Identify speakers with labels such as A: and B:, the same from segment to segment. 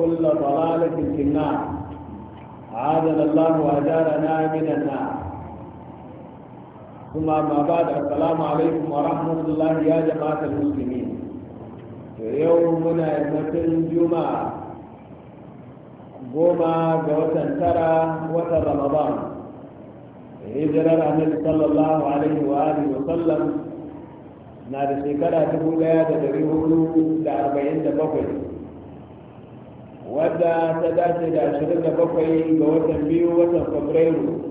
A: كل ضلالة في النار عادنا الله وأجارنا من النار ثم ما بعد السلام عليكم ورحمة الله يا جماعة المسلمين يومنا المتن الجمعة جمعة جوتن ترى وتر رمضان هجر النبي صلى الله عليه وآله وسلم نارسي كرة تقول يا دبيه لأربعين دقيقة wadda ta dace da ashirin da bakwai ga watan biyu watan fabrairu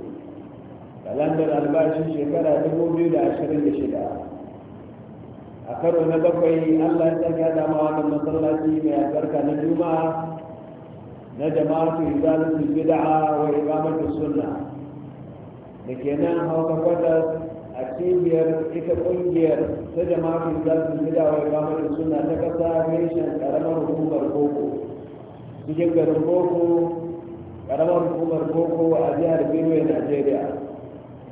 A: kalandar albashin shekara dubu biyu da ashirin da shida a karo na bakwai allah ya dama wani masallaci mai albarka na juma'a na jama'atu izalatu bid'a wa iqamatu sunna da ke nan hauka kwatas a cibiyar ita kungiyar ta jama'atu izalatu bid'a wa iqamatu sunna ta kasa mishan karamar hukumar koko. cikin garin boko karamar hukumar boko a jihar benue nigeria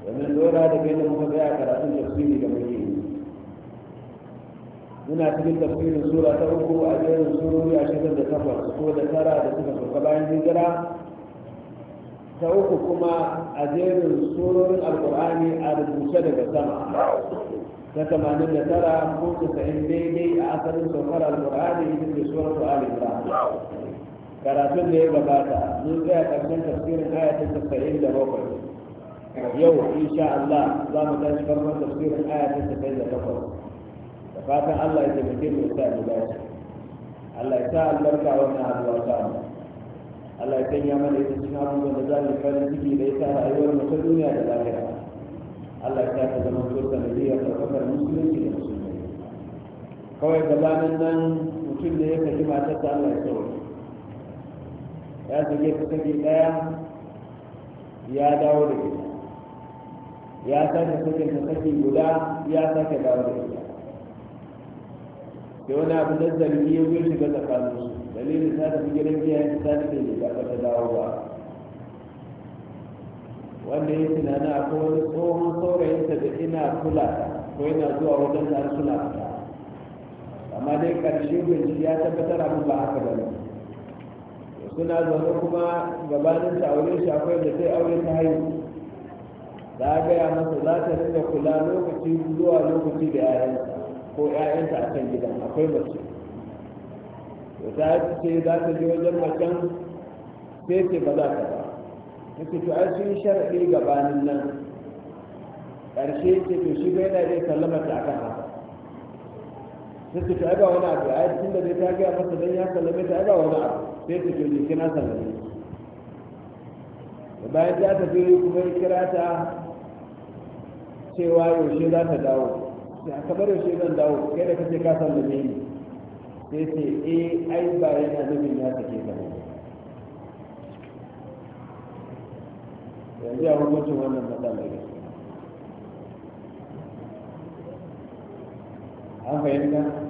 A: domin dora da benue muka tsaya karatun tafsiri da muke muna cikin tafsirin sura ta uku a jerin surori ashirin da takwas ko da tara da suka sauka bayan hijira ta uku kuma a jerin surorin alkur'ani a rubuce daga sama ta tamanin da tara ko casa'in daidai a asalin saukar alkur'ani ita ce suwar su alibra karatun da ya gabata mun tsaya karshen tafsirin ayatin tasa'in da bakwai yau insha Allah za mu tashi farkon tafsirin ayatin tasa'in da bakwai da fatan Allah ya taimake mu sa mu dace Allah ya sa albarka wannan haduwa ta Allah ya sanya mana ita cikin abubuwan da za mu farin ciki da ya sa rayuwar mu ta duniya da lahira Allah ya sa ta zama turta da zai karfafa musulunci da musulmai kawai gabanin nan mutum da ya kaji matarsa Allah ya sauke ya zage ta saki daya ya dawo da gida ya sake sakin ta guda ya sake dawo da gida. ke wani abu na zargi ya wuce shiga tsakanin su dalilin ta tafi gidan ya ta tafi da ba ta dawo ba wanda ya tunana akwai wani tsohon saurayinta da ina kula ko yana zuwa wajen da suna fita amma dai karshe bincike ya tabbatar abin ba haka da ni suna zaune kuma gabanin ta aure shi akwai da sai aure ta haihu za gaya masa za ta rinka kula lokaci zuwa lokaci da yayansa ko 'ya'yanta a kan gidan akwai mace to ta ce za ta je wajen macen sai ce ba za ta ba nake to ai sun sharaɗi gabanin nan ƙarshe ce to shi bai na iya sallama ta akan haka sai ce to ai ba wani abu ai tun da zai ta gaya masa don ya sallame ta ai ba wani abu sai ta kyau kina sallame da ne bayan ta tafi kuma ya kira ta cewa yaushe za ta dawo sai aka bar yaushe zan dawo kai da kace ka da ne sai ce eh ai ba yana nufin ya ta ke ka yanzu ya hukunci wannan matsala ne an fahimta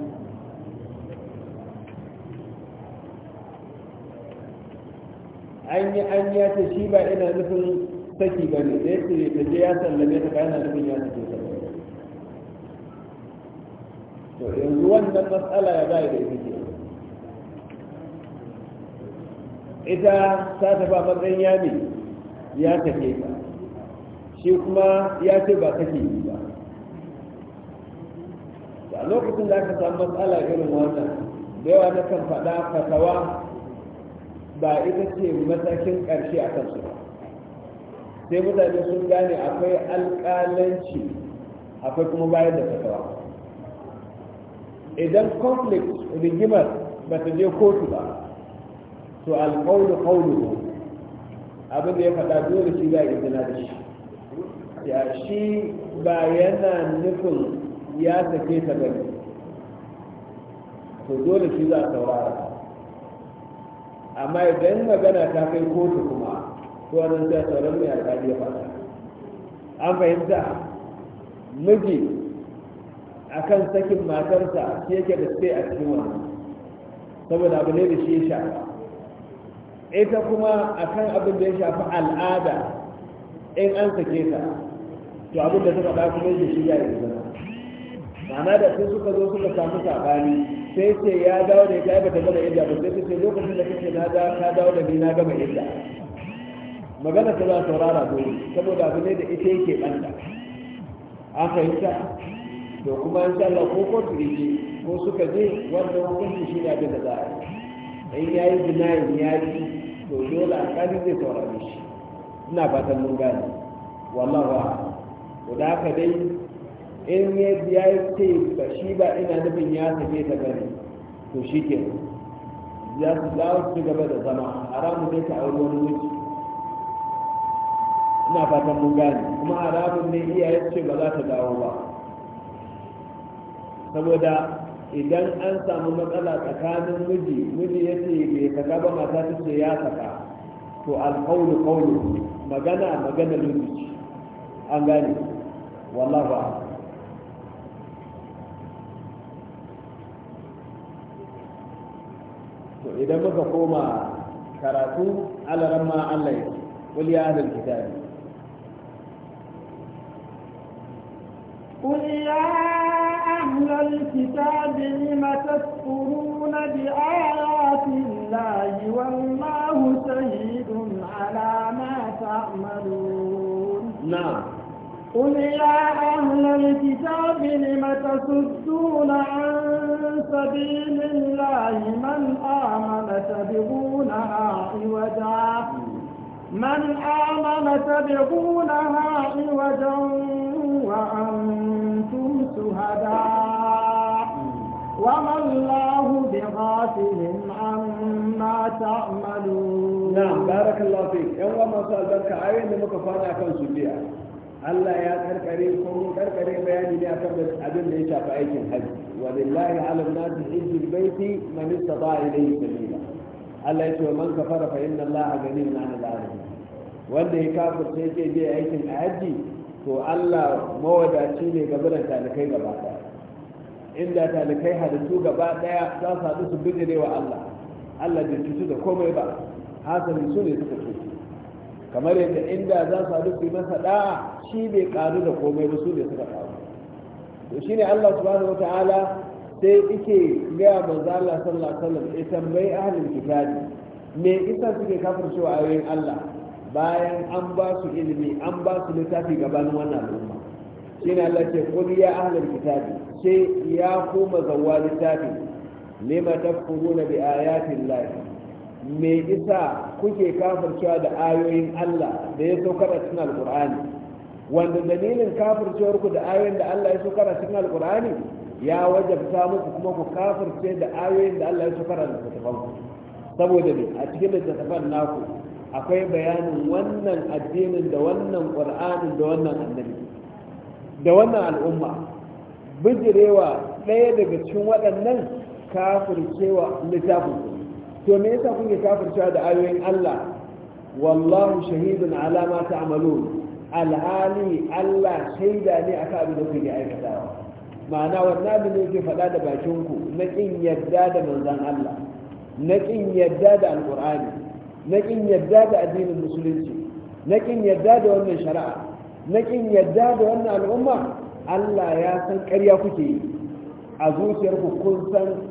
A: an yi an ya ce shi ba ina nufin saki ba ne da yake da je ya sallame ta ba yana nufin ya saki ta to yanzu wannan matsala ya bai da ita ita ta ta ba matsayin ya ne ya take ta shi kuma ya ce ba sake yi ba a lokacin da aka samu matsala irin wannan da yawa na kan faɗa fatawa ba ita ce matakin ƙarshe a kansu ba sai mutane sun gane akwai alƙalanci akwai kuma bayar da fatawa idan conflict rigimar ba ta je kotu ba to alƙaunu ƙaunu abin da ya faɗa dole shi za a izina da shi ya shi ba yana nufin ya sake ta bane to dole shi za a saurara amma idan magana ta kai kotu kuma to wannan sai sauran mai alƙali ya faɗa an fahimta miji a kan sakin matarsa shi yake da sai a cikin wani saboda abu ne da shi ya shafa ita kuma a kan abin da ya shafi al'ada in an sake ta to abin da ta faɗa kuma yake shi ya yi zama ma'ana da sai suka zo suka samu saɓani sai ce ya dawo da ita ba ta gama illa ba sai ce lokacin da kake na da ka dawo da ni na gama illa magana ta za saurara dole saboda abu ne da ita yake banda an ta to kuma in Allah ko ko turiji ko suka je wannan hukunci shi ne abin da za a yi ya yi binayin ya yi to dole alƙali zai saurari shi ina fatan mun gane wallahu a'lam Ku da ka dai in ya biya ya ce ba shi ba ina nufin ya sake ta gani to shi ke za su dawo su gaba da zama haramun ne ta auri wani wuce ina fatan mun gane kuma haramun ne iyayen ce ba za ta dawo ba saboda idan an samu matsala tsakanin miji miji ya ce bai saka ba mata ta ce ya saka to alƙaunu ƙaunu magana magana lokaci an gane wallah ba idan muka koma karatu alaran ma Allah ya kulli ahlul kitab
B: قل يا أهل الكتاب لم تكفرون بآيات الله والله شهيد على ما تعملون نعم قل يا أهل الكتاب لم تصدون عن سبيل الله من آمن تبغونها عوجا من آمن تبغونها عوجا وأنتم شهداء وما الله بغافل عما تعملون نعم بارك
A: الله فيك يوم ما سألتك عين لمكفانا كان سبيعا Allah ya karkare ko mun karkare bayani ne akan abin da ya shafi aikin hajji wa lillahi ala nasi hajjul baiti man istata ilayhi sabila Allah ya ce wa man kafara fa inna Allah ganiyun 'anil 'alamin wanda ya sai yake bai aikin hajji to Allah mawadaci ne ga da talakai gaba daya inda talikai halittu gaba daya za su haɗu su bijire wa Allah Allah bai cutu da komai ba hasali su ne suka kamar yadda inda za su haɗu su yi masa da'a shi bai ƙaru da komai ba su ne suka ƙaru to shine Allah subhanahu wata'ala sai ike gaya za Allah sallallahu alaihi wasallam ya tambayi ahalin kitabi me isa suke kafircewa ayoyin Allah bayan an ba su ilimi an ba su littafi gabanin wannan al'umma shine Allah ce qul ya ahalin kitabi sai ya koma zawwa littafi lima tafkuruna bi ayatin lafiya. me isa kuke kafircewa da ayoyin Allah da ya saukar a cikin alƙur'ani? wanda dalilin ku da ayoyin da Allah ya saukar a cikin alƙur'ani? ya wajabta muku kuma ku kafirce da ayoyin da Allah ya saukar a littattafanku saboda ne a cikin littattafan naku akwai bayanin wannan addinin da wannan qur'anin da wannan annabi da wannan al'umma bijirewa ɗaya daga cikin waɗannan kafircewa littafin to me yasa kuke kafircewa da ayoyin Allah wallahu shahidun ala ma ta'malun alhali Allah shaida ne akan abin da kuke aikatawa ma'ana wannan abin da yake faɗa da bakin ku na kin yadda da manzon Allah na kin yadda da alqur'ani na kin yadda da addinin musulunci na kin yadda da wannan shari'a na kin yadda da wannan al'umma Allah ya san ƙarya kuke yi a zuciyarku kun san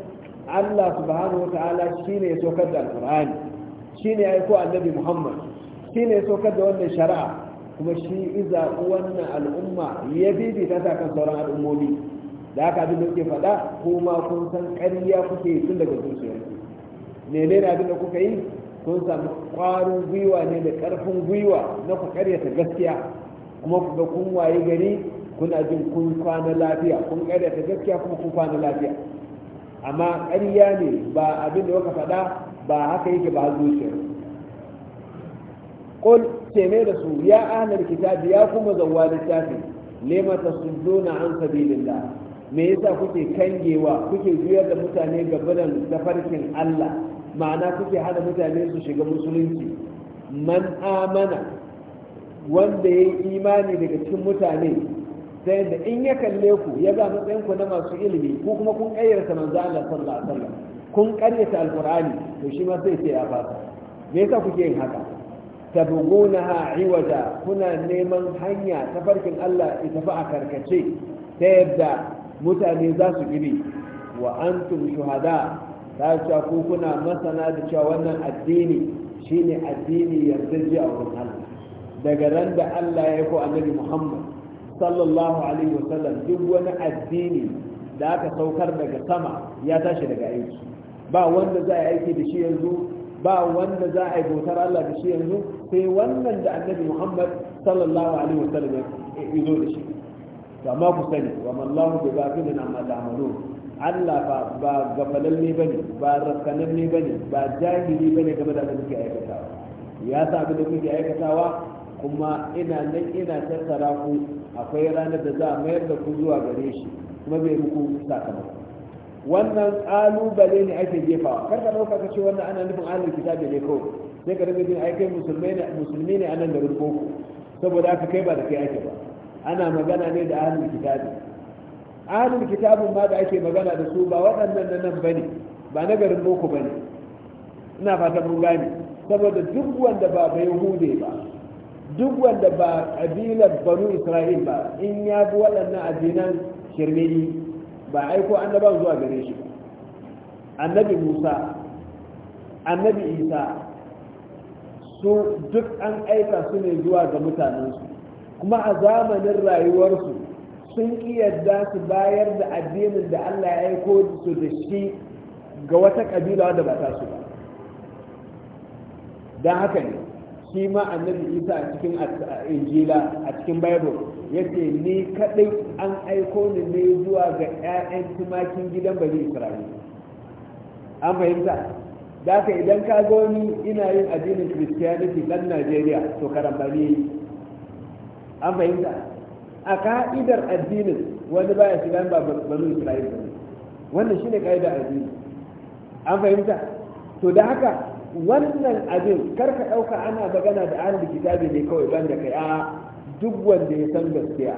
A: Allah subhanahu wa ta'ala shine ya saukar da alqur'ani shine ya aiko annabi Muhammad shine ya saukar da wannan shari'a kuma shi iza wannan al'umma ya bibi ta kan sauran al'ummomi da aka abin da kuke faɗa ko ma kun san ƙarya kuke yi tun daga ne ne na abin da kuka yi kun samu ƙwarin gwiwa ne da ƙarfin gwiwa na ku ƙaryata gaskiya kuma ku ga kun waye gari kuna jin kun kwana lafiya kun ƙaryata gaskiya kuma kun kwana lafiya amma ƙariya ne ba abin da waka faɗa ba haka yake ba zuciyar qul teme da su ya anar kitabi ya kuma zawwa littafi lima na an sabilillah me yasa kuke kangewa kuke juyar da mutane ga gabanin tafarkin Allah ma'ana kuke hada mutane su shiga musulunci man amana wanda ya yi imani daga cikin mutane ta yadda in ya kalle ku ya ga matsayin ku na masu ilimi ko kuma kun kayyata manzo Allah sallallahu alaihi wasallam kun karyata alqur'ani to shi ma sai ce ya fasa me yasa kuke yin haka tabghunaha iwaja kuna neman hanya ta farkin Allah ita fa a karkace ta yadda mutane za su giri wa antum shuhada ta ce ku kuna masana da cewa wannan addini shine addini yardaji a wurin Allah daga ran da Allah ya ko annabi Muhammad sallallahu alaihi wasallam duk wani addini da aka saukar daga sama ya tashi daga aiki ba wanda za a yi aiki da shi yanzu ba wanda za a yi bautar Allah da shi yanzu sai wannan da annabi Muhammad sallallahu alaihi wasallam ya zo da shi to amma ku sani wa mallahu bi ghafilin amma ta'malun Allah ba ba gafalalle bane ba ne bane ba jahili bane game da abin da kuke aikatawa ya sa abin da kuke aikatawa kuma ina nan ina tattara ku akwai ranar da za a mayar da ku zuwa gare shi kuma bai muku sakamako wannan kalubale ne ake jefawa kar ka dauka ka ce wannan ana nufin ahlul kitabi ne kawai sai ka rubuta ai kai musulmai ne musulmi ne anan rubo ku saboda aka kai ba da kai ake ba ana magana ne da ahlul kitabi ahlul kitabun ma da ake magana da su ba waɗannan na nan bane ba na garin boko bane ina fatan mun gane saboda duk wanda ba bai hude ba duk wanda ba ƙabilar banu isra'il ba in ya bi waɗannan addinan shirme ba aiko annaban zuwa gare shi annabi musa annabi isa su duk an aika su ne zuwa ga mutanensu kuma a zamanin rayuwarsu sun yarda su bayar da addinin da allah ya aiko su da shi ga wata ƙabila wadda ba ta su ba don haka ne shi ma annabi isa a cikin injila a cikin bible ya ce ni kadai an aiko ni ne zuwa ga 'ya'yan tumakin gidan bani isra'ila an fahimta da ka idan ka ni ina yin addinin christianity dan najeriya to karambani an fahimta a ka'idar addinin wani baya shiga ba bani isra'ila wannan shine ka'idar addini an fahimta to da haka wannan abin karka ɗauka ana magana da ahlul kitabi ne kawai banda kai a duk wanda ya san gaskiya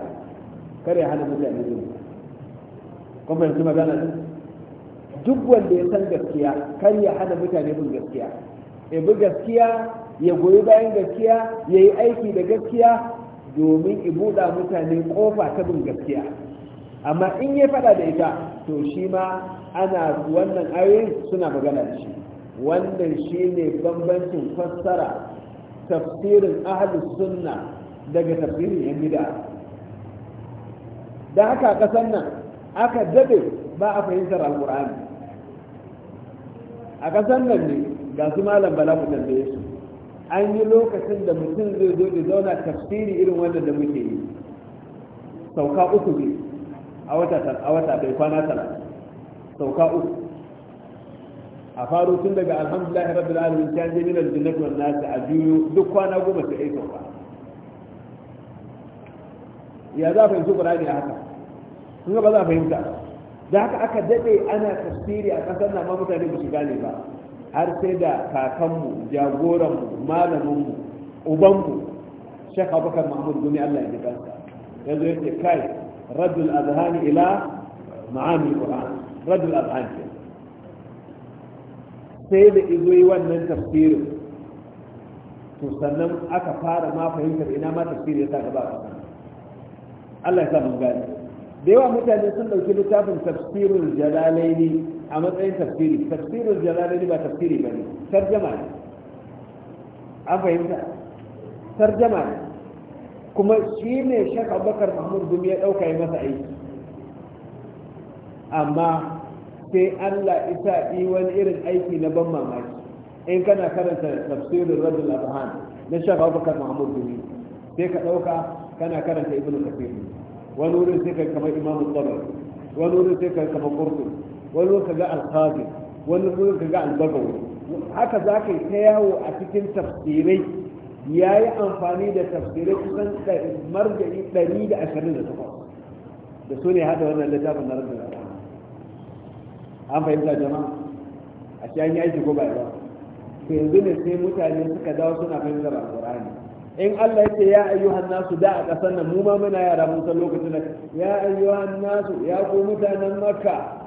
A: kare hana mutane zuwa kuma yanzu magana ne duk wanda ya san gaskiya kar ya hana mutane bin gaskiya ya bi gaskiya ya goyi bayan gaskiya ya yi aiki da gaskiya domin ya buɗa mutane kofa ta bin gaskiya amma in ya faɗa da ita to shi ma ana wannan ayoyin suna magana da shi wannan shine bambancin fassara tafsirin ahlus sunna daga tafsirin yan bid'a da haka kasan nan aka dade ba a fahimtar alqur'ani a kasan nan ne ga su malam bala mu tambaye su an yi lokacin da mutum zai zo da zauna tafsiri irin wanda da muke yi sauka uku ne a wata a bai kwana tara sauka uku a faru tun daga alhamdulillah rabbil alamin ta je min aljinnat wan nas a juyo duk kwana goma sai ai sauka ya za fahimci qur'ani a haka kun ga ba za fahimta da haka aka dade ana tafsiri a kasar nan ma mutane ba su gane ba har sai da kakanmu jagoranmu malaminmu ubanmu shek abubakar mahmud gumi allah ya kansa ya zo yake kai raddul azhani ila ma'ani qur'an raddul azhani sai da izo yi wannan tafsirin to sannan aka fara ma fahimtar ina ma tafsirin ya sa gaba a Allah ya sa mun gani. da yawa mutane sun dauki littafin tafsirul jalalaini a matsayin tafsiri tafsirul jalalaini ba tafsiri ba ne tarjama ne an fahimta tarjama ne kuma shi ne shek abubakar mahmud gumi ya dauka yi masa aiki amma sai Allah isa yi wani irin aiki na ban mamaki in kana karanta tafsirin radul adhan na shafa abubakar mahmud dumi sai ka ɗauka kana karanta ibn kafir wani wurin sai ka kama imamu tsabar wani wurin sai ka kama kurtu wani wurin ka ga alkhazi wani wurin ka ga albagawi haka za ka yi ta yawo a cikin tafsirai ya yi amfani da tafsirai kusan marjani 128 da ashirin da su ne hada wannan littafin na radul adhan an fahimta jama'a a shi an yi aiki ko ba ba to yanzu ne sai mutane suka dawo suna fahimtar alqur'ani in Allah ya ce ya ayyuhan nasu da a kasar nan mu ma muna yara mun san lokacin nan ya ayyuhan nasu ya ko mutanen makka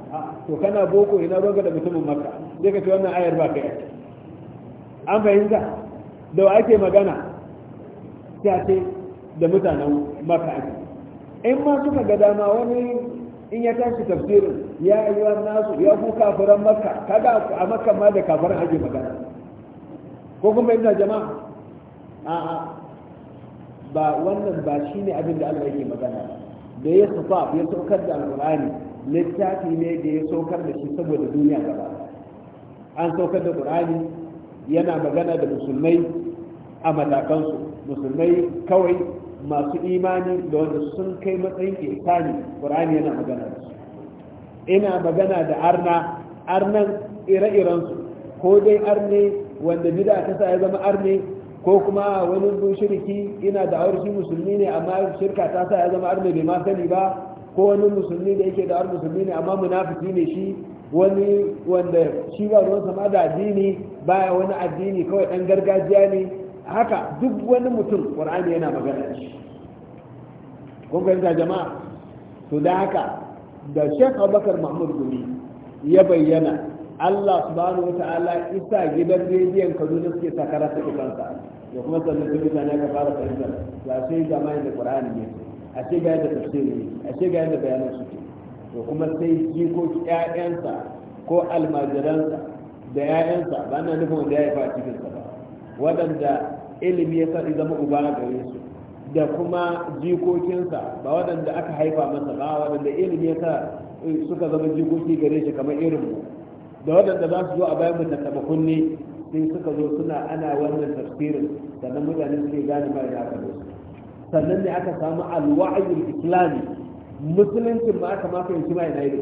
A: to kana boko ina ruwanka da mutumin makka sai ka ce wannan ayar ba kai an fahimta da ake magana ta ce da mutanen makka ake in ma suka ga dama wani in ya tashi tafsirin ya yi nasu ya ku kafiran makka kaga a makka ma da kafiran ake magana ko kuma ina jama'a a'a ba wannan ba shi ne abin da Allah yake magana da ya sufa ya saukar da alqur'ani littafi ne da ya saukar da shi saboda duniya gaba an saukar da ƙur'ani yana magana da musulmai a matakansu musulmai kawai masu imani da wanda sun kai matsayin ƙirƙani ƙur'ani yana magana da su ina magana da arna arnan ire-iren ko dai arne wanda bid'a ta sa ya zama arne ko kuma wani shirki ina da aure musulmi ne amma shirka ta sa ya zama arne bai ma sani ba ko wani musulmi da yake da aure musulmi ne amma munafiki ne shi wani wanda shi ba ruwan sama da addini baya wani addini kawai dan gargajiya ne haka duk wani mutum qur'ani yana magana shi kun fahimta jama'a to da haka da shek Abubakar Mahmud Gumi ya bayyana Allah subhanahu ta'ala isa gidan rediyon Kaduna suke sakara ta kansa da kuma sannan bisa ne ka fara fahimta Da sai yi zama da ƙwar'ani ne a ce ga yadda tafsiri ne a ce ga yadda bayanan su ke to kuma sai jikoki ƴaƴansa ko almajiransa da ƴaƴansa ba na nufin wanda ya haifa a cikin sa ba waɗanda ilimi ya sani zama uba gare su da kuma jikokinsa ba waɗanda aka haifa masa ba waɗanda ilimi ya sa eh, suka zama jikoki gare shi kamar irin mu da waɗanda za su zo a bayan mutum kunne sai suka zo suna ana wannan tafsirin sannan mutane suke gane mai ya aka sannan ne aka samu alwa'ayin islami musuluncin ma aka maka yanki ma ina yi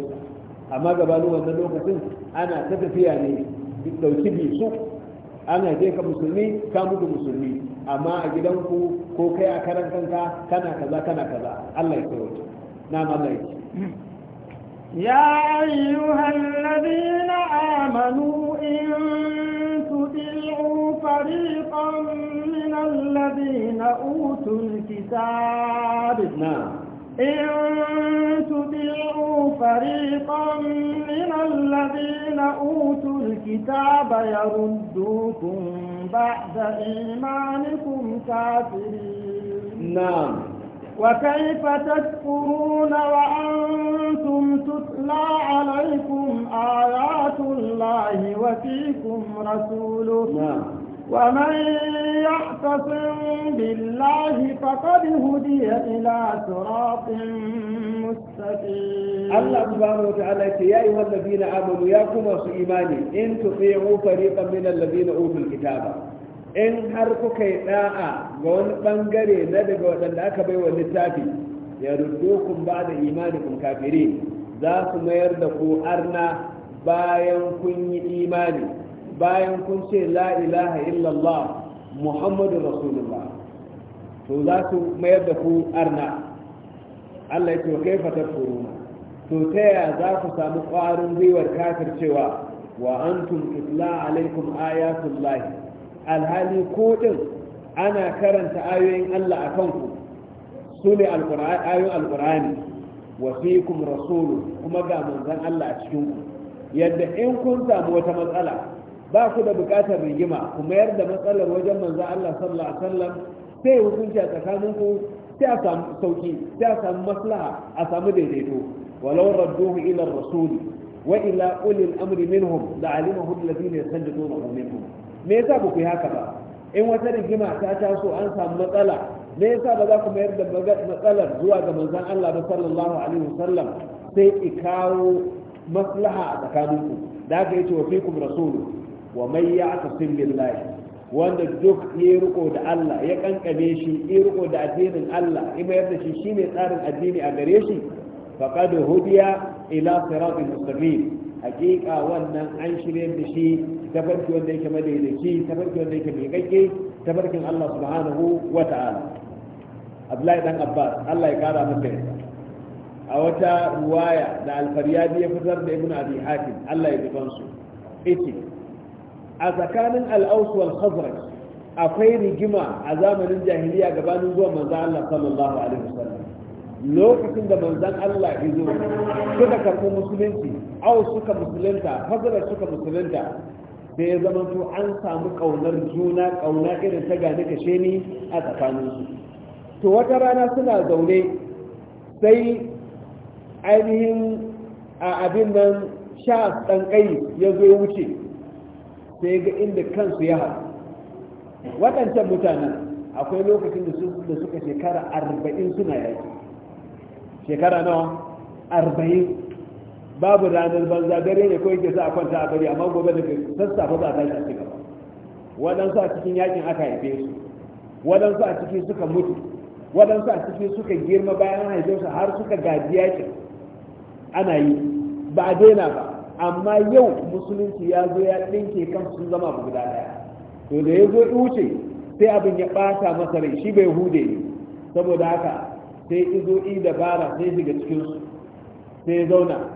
A: amma gabanin wannan lokacin ana ta tafiya ne ɗauki bisu Ana je ka musulmi ka mutu musulmi amma a gidanku ko kai a karan kanka kana kaza kana kaza Allah ya tsawaita na Allah ya
B: ya أيها الذين amanu in تطيعوا fariqan min الذين utul الكتاب إن فريقا من الذين أوتوا الكتاب يردوكم بعد إيمانكم كافرين نعم وكيف تكفرون وأنتم تتلى عليكم آيات الله وفيكم رسوله نعم ومن يعتصم بالله فقد هدي إلى صراط مستقيم الله
A: سبحانه وتعالى يا أيها الذين آمنوا يا كما إيماني إن تطيعوا فريقا من الذين أوتوا الكتاب in har kuka yi da'a ga wani bangare na daga waɗanda aka baiwa littafi ya rudokun ba da imanikun kafiri za su mayar da ku arna bayan kun yi imani bayan kun ce la ilaha illallah muhammadu rasulullah to za su mayar da ku arna Allah ya ce kai fatar furuna to ta yaya za ku samu ƙwarin gwiwar kafircewa wa antum tutla alaikum ayatullahi alhali ko din ana karanta ayoyin Allah a kanku su ne ayoyin alƙur'ani wa fikum rasulu kuma ga manzon Allah a cikin ku yadda in kun samu wata matsala ba ku da buƙatar rigima ku mayar da matsalar wajen manzo Allah sallallahu alaihi wasallam sai hukunci a tsakanin ku sai a samu sauki sai a samu maslaha a samu daidaito walau radduhu ila rasuli wa ila ulil amri minhum la alimahu alladhina yastanjiduna minhum me yasa ba ku yi haka ba in wata rigima ta taso an samu matsala me yasa ba za ku mayar da matsalar zuwa ga manzon Allah ba sallallahu alaihi wasallam sai ki kawo maslaha a tsakaninku da haka ce wa fikum rasulu wa mai ya aka sun billahi wanda duk ya riko da Allah ya kankame shi ya riko da addinin Allah ya mayar da shi shine tsarin addini a gare shi faqad hudiya ila siratin mustaqim hakika wannan an shirye da shi tafarki wanda yake madaidaici tafarki wanda yake miƙaƙƙe tafarkin Allah subhanahu wa ta'ala Abdullahi dan Abbas Allah ya kara masa yarda a wata ruwaya da alfaryadi ya fitar da ibnu abi hatim Allah ya ji su ita a tsakanin al'ausu wal khazraj akwai rigima a zamanin jahiliya gabanin zuwa manzan Allah sallallahu alaihi wasallam lokacin da manzan Allah ya zo suka karɓi musulunci aus suka musulunta khazraj suka musulunta sai ya zama to an samu kaunar juna kauna irin ta gani kashe ni a tsakaninsu to wata rana suna zaune sai ainihin a abin nan sha ɗan ya zo ya wuce sai ga inda kansu ya haɗu waɗancan mutanen akwai lokacin da suka shekara arba'in suna yaki shekara nawa arba'in babu ranar banza dare ne kawai ke sa a kwanta a bari amma gobe da sassafe za a tashi a cigaba waɗansu a cikin yakin aka haife su waɗansu a ciki suka mutu waɗansu a ciki suka girma bayan haife su har suka gaji yakin ana yi ba a daina ba amma yau musulunci ya zo ya ɗinke kan sun zama abu guda ɗaya to da ya zo wuce sai abin ya ɓata masa rai shi bai hude ne saboda haka sai izo i dabara sai shiga cikinsu sai zauna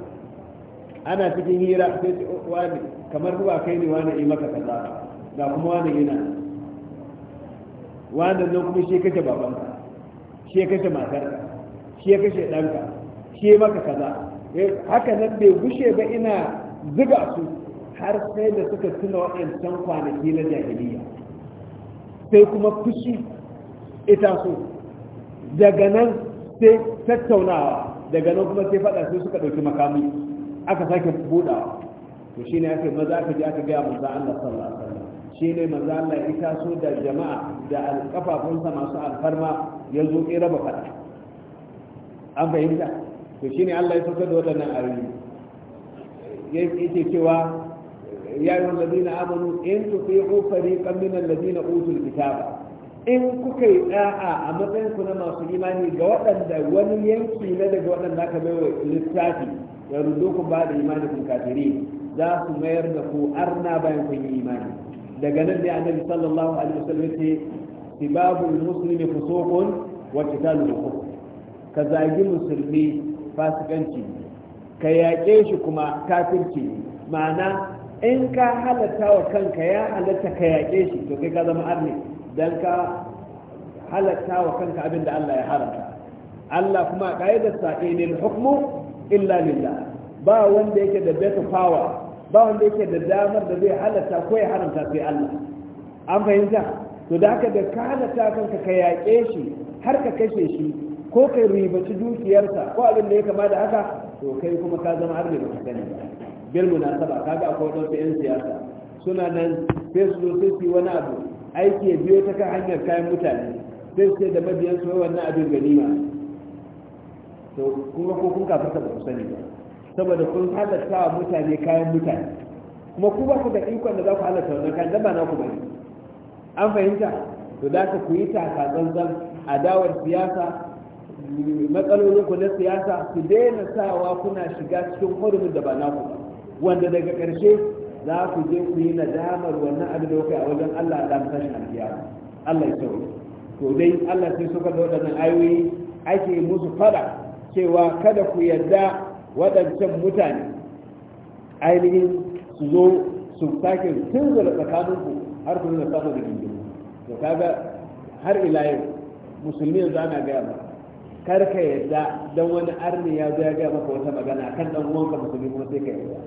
A: ana cikin hira sai ce oh, wani kamar ruwa kai ne wani yi maka kaza ga kuma wani yana wani nan kuma shi kashe babanka shi kashe matarka shi kashe ɗanka shi maka kaza haka nan bai gushe ba ina zuga su har sai da suka tuna waɗancan kwanaki na jahiliya sai kuma fushi ita su daga nan sai tattaunawa daga nan kuma sai faɗa sai suka ɗauki makami aka sake buɗawa to shi ne aka maza aka je aka gaya manzo Allah sallallahu alaihi wasallam shi ne Allah ya taso da jama'a da alƙafafunsa masu alfarma ya zo ya raba faɗa an fahimta to shine Allah ya saukar da waɗannan ayoyi yake cewa ya yi ladina amanu in tuti'u fariqan min alladina utul kitaba in kuka yi ɗa'a a matsayin ku na masu imani ga waɗanda wani yanki na daga waɗanda aka bai wa littafi ya rudo ku ba da imani kun kafiri za su mayar da ku arna bayan kun yi imani daga nan da annabi sallallahu alaihi wasallam ce sibabul muslimi fusuqun wa qitaluhu ka zagi musulmi fasikanci ka yaƙe shi kuma kafirci ma'ana in ka halatta wa kanka ya halatta ka yaƙe shi to kai ka zama arni don ka halatta wa kanka abin da Allah ya haramta Allah kuma ƙa'idarsa inil hukmu illa lillah ba wanda yake da beto power ba wanda yake da damar da zai halatta ko ya haramta sai Allah an fahimta to da haka da ka halatta kanka ka yaƙe shi har ka kashe shi ko kai ribaci dukiyarsa ko abin da ya kama da haka to kai kuma ka zama har ribaci sani ba bil munasaba kaga akwai wadansu yan siyasa suna nan sai su zo sai su wani abu aiki ya biyo ta kan hanyar kayan mutane sai su ce da mabiyan su wannan abin ganima to kuma ko kun kafa ba ku sani ba saboda kun halatta wa mutane kayan mutane kuma ku ba ku da ikon da za ku halatta wannan kayan dama na ku bane an fahimta to da ku yi takatsantsan adawar siyasa ku na siyasa su daina sawa kuna shiga cikin hurumin da ba ba wanda daga ƙarshe za ku je ku yi nadamar wannan abin da kai a wajen Allah a ɗan tashin alkiya Allah ya sauke to dai Allah sai suka da waɗannan ayoyi ake musu fada cewa kada ku yarda waɗancan mutane ainihin su zo su sake tunzura tsakaninku har ku nuna samun da to kaga har ila yau musulmi yanzu ana gaya maka karka yadda don wani arni ya zo ya gaya maka wata magana kan dan uwanka musulmi kuma sai ka yadda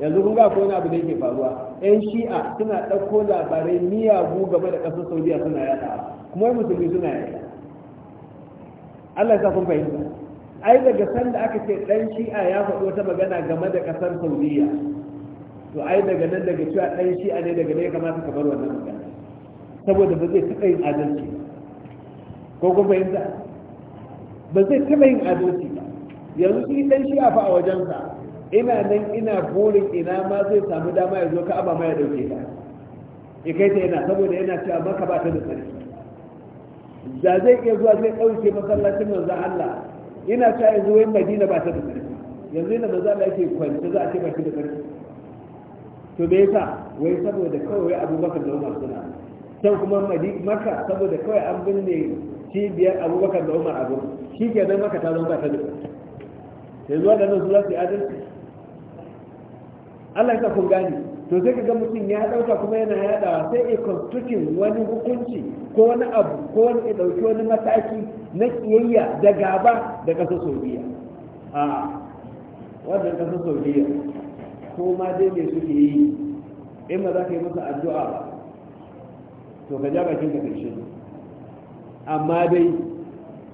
A: yanzu kun ga ko wani abu da yake faruwa yan shi'a suna ɗauko labarai miyagu game da ƙasar saudiya suna yaɗa kuma wai musulmi suna yaɗa allah ya sa kun fahimta ai daga sanda aka ce ɗan shi'a ya faɗi wata magana game da ƙasar saudiya to ai daga nan daga cewa ɗan shi'a ne daga ne ya kamata ka bar wannan magana saboda ba zai taɓa yin adalci ko kun fahimta ba zai taɓa yin adalci ba yanzu shi dan shi a fa a wajensa ina nan ina burin ina ma zai samu dama ya zo ka'aba ma ya dauke ka. ya kai ta yana saboda yana cewa maka ba ta da tsari da zai iya zuwa zai ɗauke masallacin manzo Allah ina ta yanzu wai Madina ba ta da tsari yanzu ina manzo Allah yake kwance za a ce ba shi da sani to me yasa wai saboda kawai Abubakar da Umar suna can kuma maka saboda kawai an binne biyar abubakar da umar abu shi ke nan maka ta zama ta duka sai zuwa da nan su za su yi adalci allah ya kun gani to sai ka ga mutum ya dauka kuma yana yadawa sai a constitution wani hukunci ko wani abu ko wani ya dauki wani mataki na kiyayya da gaba da kasar saudiya a wannan kasar saudiya ko ma dai me suke yi in ba za ka yi masa addu'a ba to ka ja bakin ka karshe amma dai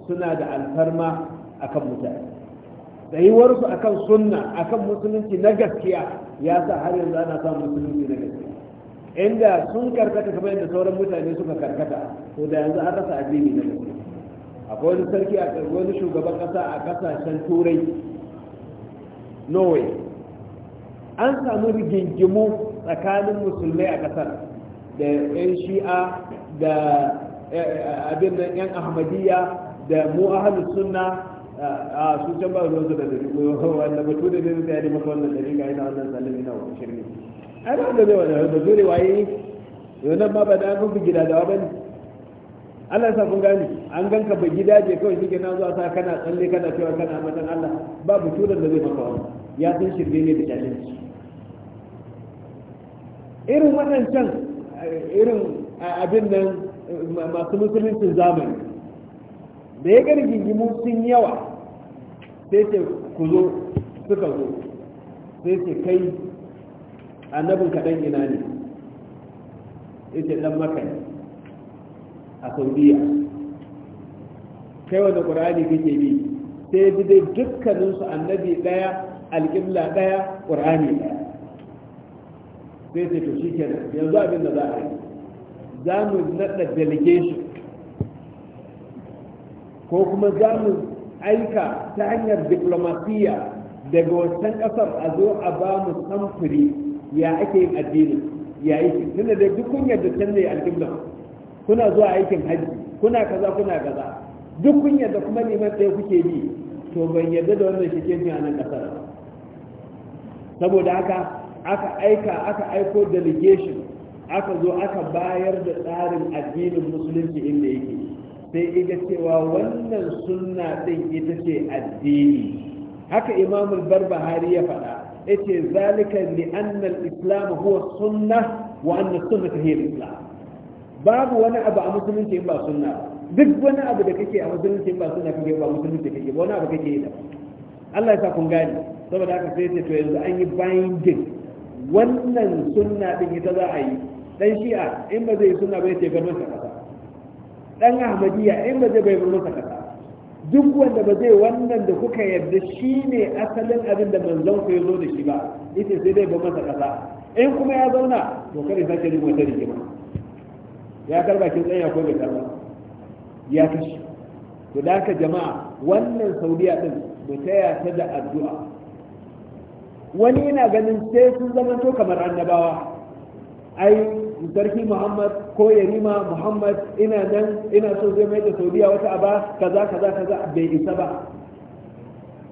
A: suna da alfarma akan mutane tsayuwarsu akan sunna akan musulunci na gaskiya ya sa har yanzu ana samun musulunci na gaskiya inda sun karkata kamar yadda sauran mutane suka karkata to da yanzu an rasa addini na gaskiya akwai wani sarki a wani shugaban ƙasa a ƙasashen turai norway an samu rigingimu tsakanin musulmai a ƙasar, da yan shi'a da abin nan yan ahmadiyya da mu ahlus sunna a su can ba ruwan su da dari wanda batu da zai tsaya da maka wannan dari ga ina wannan sallami na wani shirme ai ba da zai wani da zure waye yau ma ba da an fi gida da wani Allah sa kun gani an ganka ba gida je kawai shi na zuwa sa kana tsalle kana cewa kana matan Allah ba batu da zai maka wani ya san shirme ne da challenge irin wannan can irin abin nan masu musuluncin zamani da ya gani gingimu sun yawa sai ce ku zo suka zo sai ce kai annabin kaɗan ina ne ya ce ɗan makai a saudiya kai wanda ƙur'ani kake bi sai bi dai dukkaninsu annabi ɗaya alƙibla ɗaya ƙur'ani ɗaya sai ce to shi kenan yanzu abin da za a yi za mu naɗa delegation ko kuma za mu aika ta hanyar diplomasiya daga wancan ƙasar a zo a ba mu samfuri ya ake yin addinin ya yi tunda da duk kun yarda canza ne alƙibla kuna zuwa aikin hajji kuna kaza kuna kaza duk kun yarda kuma neman ɗaya kuke bi to ban yarda da wannan shike a nan ƙasar saboda haka aka aika aka aiko delegation aka zo aka bayar da tsarin addinin musulunci inda yake sai iga cewa wannan sunna ɗin ita ce addini haka imamul barbahari ya faɗa yace zalika li anna al-islam huwa sunna wa anna sunnata ta al-islam babu wani abu a musulunci in ba sunna duk wani abu da kake a musulunci in ba sunna kake ba musulunci kake ba wani abu kake yi da Allah ya sa kun gane saboda haka sai ce to yanzu an yi binding wannan sunna din ita za a yi dan shi'a in ba zai suna bai ce bar masa kasa dan ahmadiyya in ba zai bai bar masa kasa duk wanda ba zai wannan da kuka yarda shi ne asalin abin da manzon ku ya zo da shi ba ita sai dai bar masa kasa in kuma ya zauna to kada ya sake rubuta wata rigima ya karba kin tsaya ko bai karba ya kashi to da haka jama'a wannan saudiya din mu taya ta da addu'a wani yana ganin sai sun zama to kamar annabawa ai sarki muhammad ko yarima muhammad ina nan ina so zai mai da saudiya wata aba kaza kaza kaza bai isa ba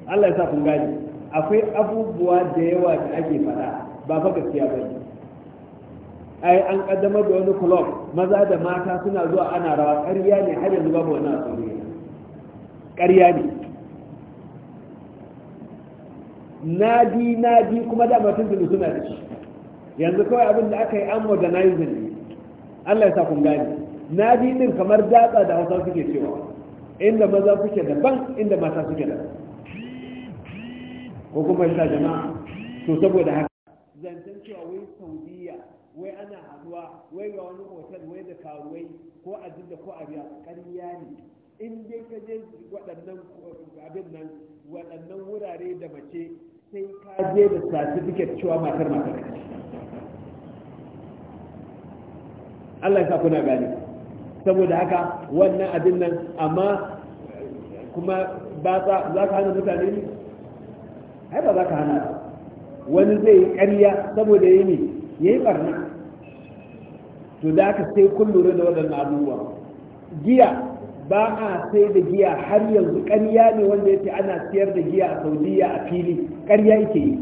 A: allah ya sa kun gani akwai abubuwa da yawa da ake faɗa ba fa gaskiya ba ai an kaddamar da wani club maza da mata suna zuwa ana rawa ƙarya ne har yanzu babu wannan saudiya ƙarya ne nadi nadi kuma da mutum suna da shi yanzu kawai abin da aka yi an modernizing ne Allah ya sa kun gane na bi din kamar datsa da hausa suke cewa inda maza suke daban inda mata suke daban ko kuma yasa jama'a to saboda haka zancen cewa wai saudiya wai ana haduwa wai ga wani hotel wai da karuwai ko a jidda ko a biya ƙarya ne in dai ka je waɗannan abin nan waɗannan wurare da mace sai ka je da certificate cewa matar matar Allah ya sa kuna gane saboda haka wannan abin nan amma kuma ba za ka hana mutane ne ai ba za ka hana ba wani zai yi ƙarya saboda yi ne ya yi ɓarna to da aka sai kun lura da waɗannan abubuwa giya ba a sai da giya har yanzu ƙarya ne wanda ya ce ana siyar da giya a saudiya a fili ƙarya yake yi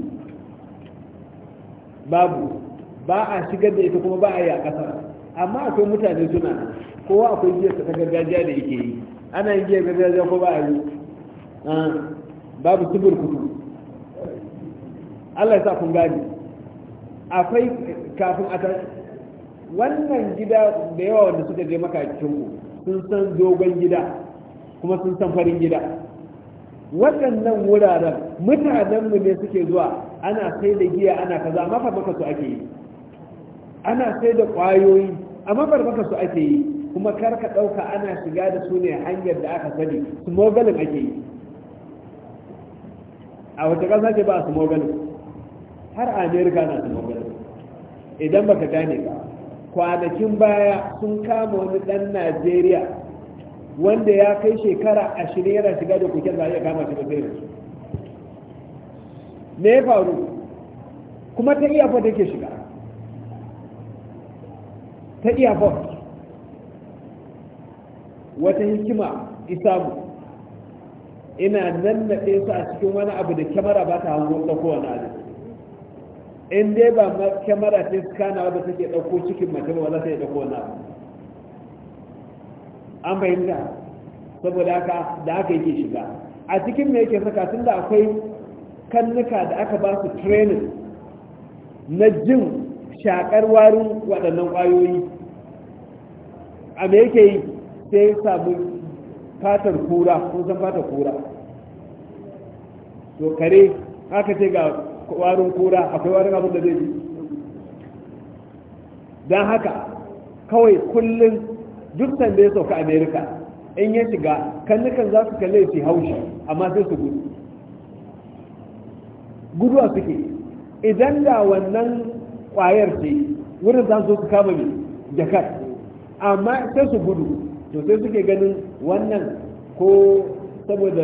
A: babu ba a shigar da ita kuma ba a yi a ƙasa amma akwai mutane suna kowa akwai giyar ta gargajiya da yake yi ana yin giyar gargajiya ko ba a yi ah, babu tubur kutu Allah ya sa kun gani akwai kafin a wannan gida da yawa wanda suka je cikinku sun san dogon gida kuma sun san farin gida waɗannan wuraren mutanenmu ne suke zuwa ana sai da giya ana kaza amma farmaka su ake yi ana sai da ƙwayoyi amma farmaka su ake yi kuma kar ka ɗauka ana shiga da su ne hanyar da aka sani mogalin ake yi a wata ƙasa ce ba mogalin? har amerika na mogalin, idan baka gane ba kwanakin baya sun kama wani ɗan najeriya wanda ya kai shekara ashirin yana shiga da kuken za a iya kama shi da sai da su me ya faru kuma ta iya fata ke shiga ta iya fata wata hikima isamu ina nan na su a cikin wani abu da kyamara ba ta hango ɗauko wani abu in dai ba kyamara ta skana ba take ɗauko cikin mace ba za ta yi ɗauko wani abu an fahimta saboda haka da haka yake shiga a cikin me yake saka tun da akwai kannuka da aka ba su training na jin shakar warin waɗannan ƙwayoyi a me yake yi sai samu fatar kura kun san fatar kura to kare haka ce ga warin kura akwai warin abin da zai ji don haka kawai kullum duk sanda ya sauka amerika in ya shiga kannukan za su kalle su haushi amma sai su gudu a suke idan da wannan kwayar ce wurin za su kama mai jakar amma sai su gudu to sai suke ganin wannan ko saboda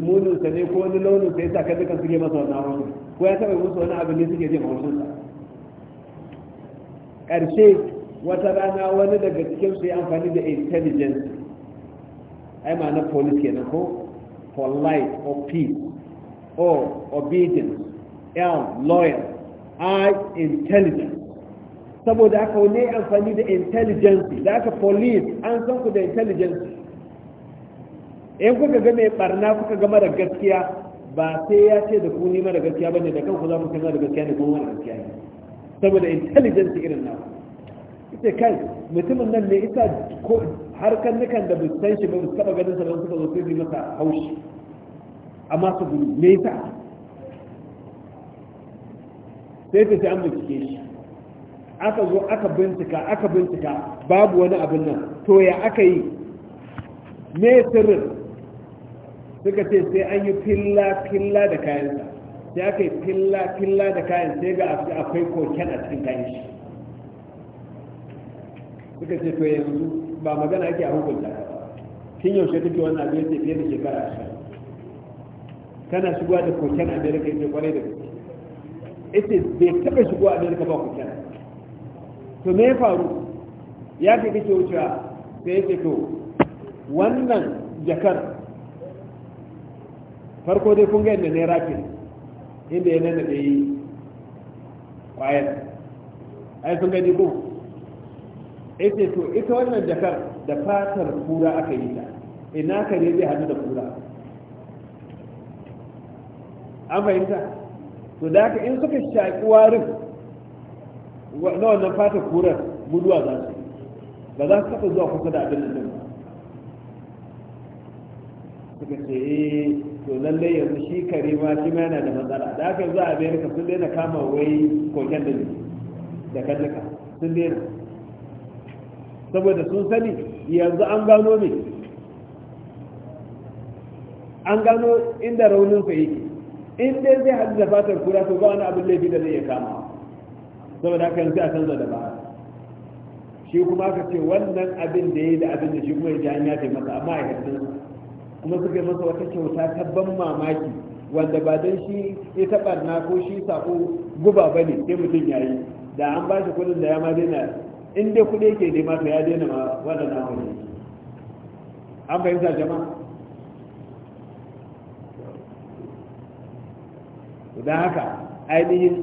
A: muninsa ne ko wani launin sai sa kan dukan suke masa wannan hawan ko ya taba musu wani abin ne suke jin haushinsa ƙarshe wata rana wani daga cikin su ya amfani da intelligence ai ma na police kenan ko life or peace O, obedience. L, loyal. I, intelligence. Saboda aka wani amfani da intelligence, da aka police an san ku da intelligence. In kuka ga mai barna kuka ga mara gaskiya ba sai ya ce da ku ni mara gaskiya bane da kanku za mu kai mara gaskiya ne kuma mara gaskiya ne. Saboda intelligence irin na. Ita kai mutumin nan ne ita harkar nukan da bai san shi ba su taba ganin sa ba su zo su yi masa haushi. amma su gudu me yasa sai ta sai an bincike shi aka zo aka bincika aka bincika babu wani abin nan to ya aka yi me sirrin suka ce sai an yi filla-filla da kayansa sai aka yi filla-filla da kayan sai ga akwai koken a cikin kayan shi suka ce to yanzu ba magana ake a hukunta kin yaushe kake wannan abin ce fiye da shekara ashirin tana shigowa da koken america yake kwarai da gaske ita bai taɓa shigo america ba koken to me ya faru ya ke kake wucewa sai yake to wannan jakar farko dai kun ga da ne rafin inda ya nana da yi kwayar ai sun gani ko ita to ita wannan jakar da fatar kura aka yi ta ina ka ne zai hadu da kura an fahimta to da haka in suka shaƙi warin na wannan fata kurar guduwa za su ba za su taɓa zuwa kusa da abin da ba suka ce eh to lallai yanzu shi kare ma shi ma yana da matsala da haka yanzu a amerika sun daina kama wai koken da ne da kallaka sun daina saboda sun sani yanzu an gano ne an gano inda raunin sa yake in dai zai haɗu da fatar kura to ba wani abin laifi da zai iya kama saboda haka yanzu a canza da ba shi kuma aka ce wannan abin da ya yi da abin da shi kuma ya ji an yafe masa amma a yanzu kuma suka yi masa wata kyauta ta ban mamaki wanda ba don shi ya taɓa na ko shi sako guba ba ne sai mutum ya yi da an ba shi kudin da ya ma daina in dai kuɗi yake nema to ya daina ma waɗannan wani an fahimta jama'a da haka ainihin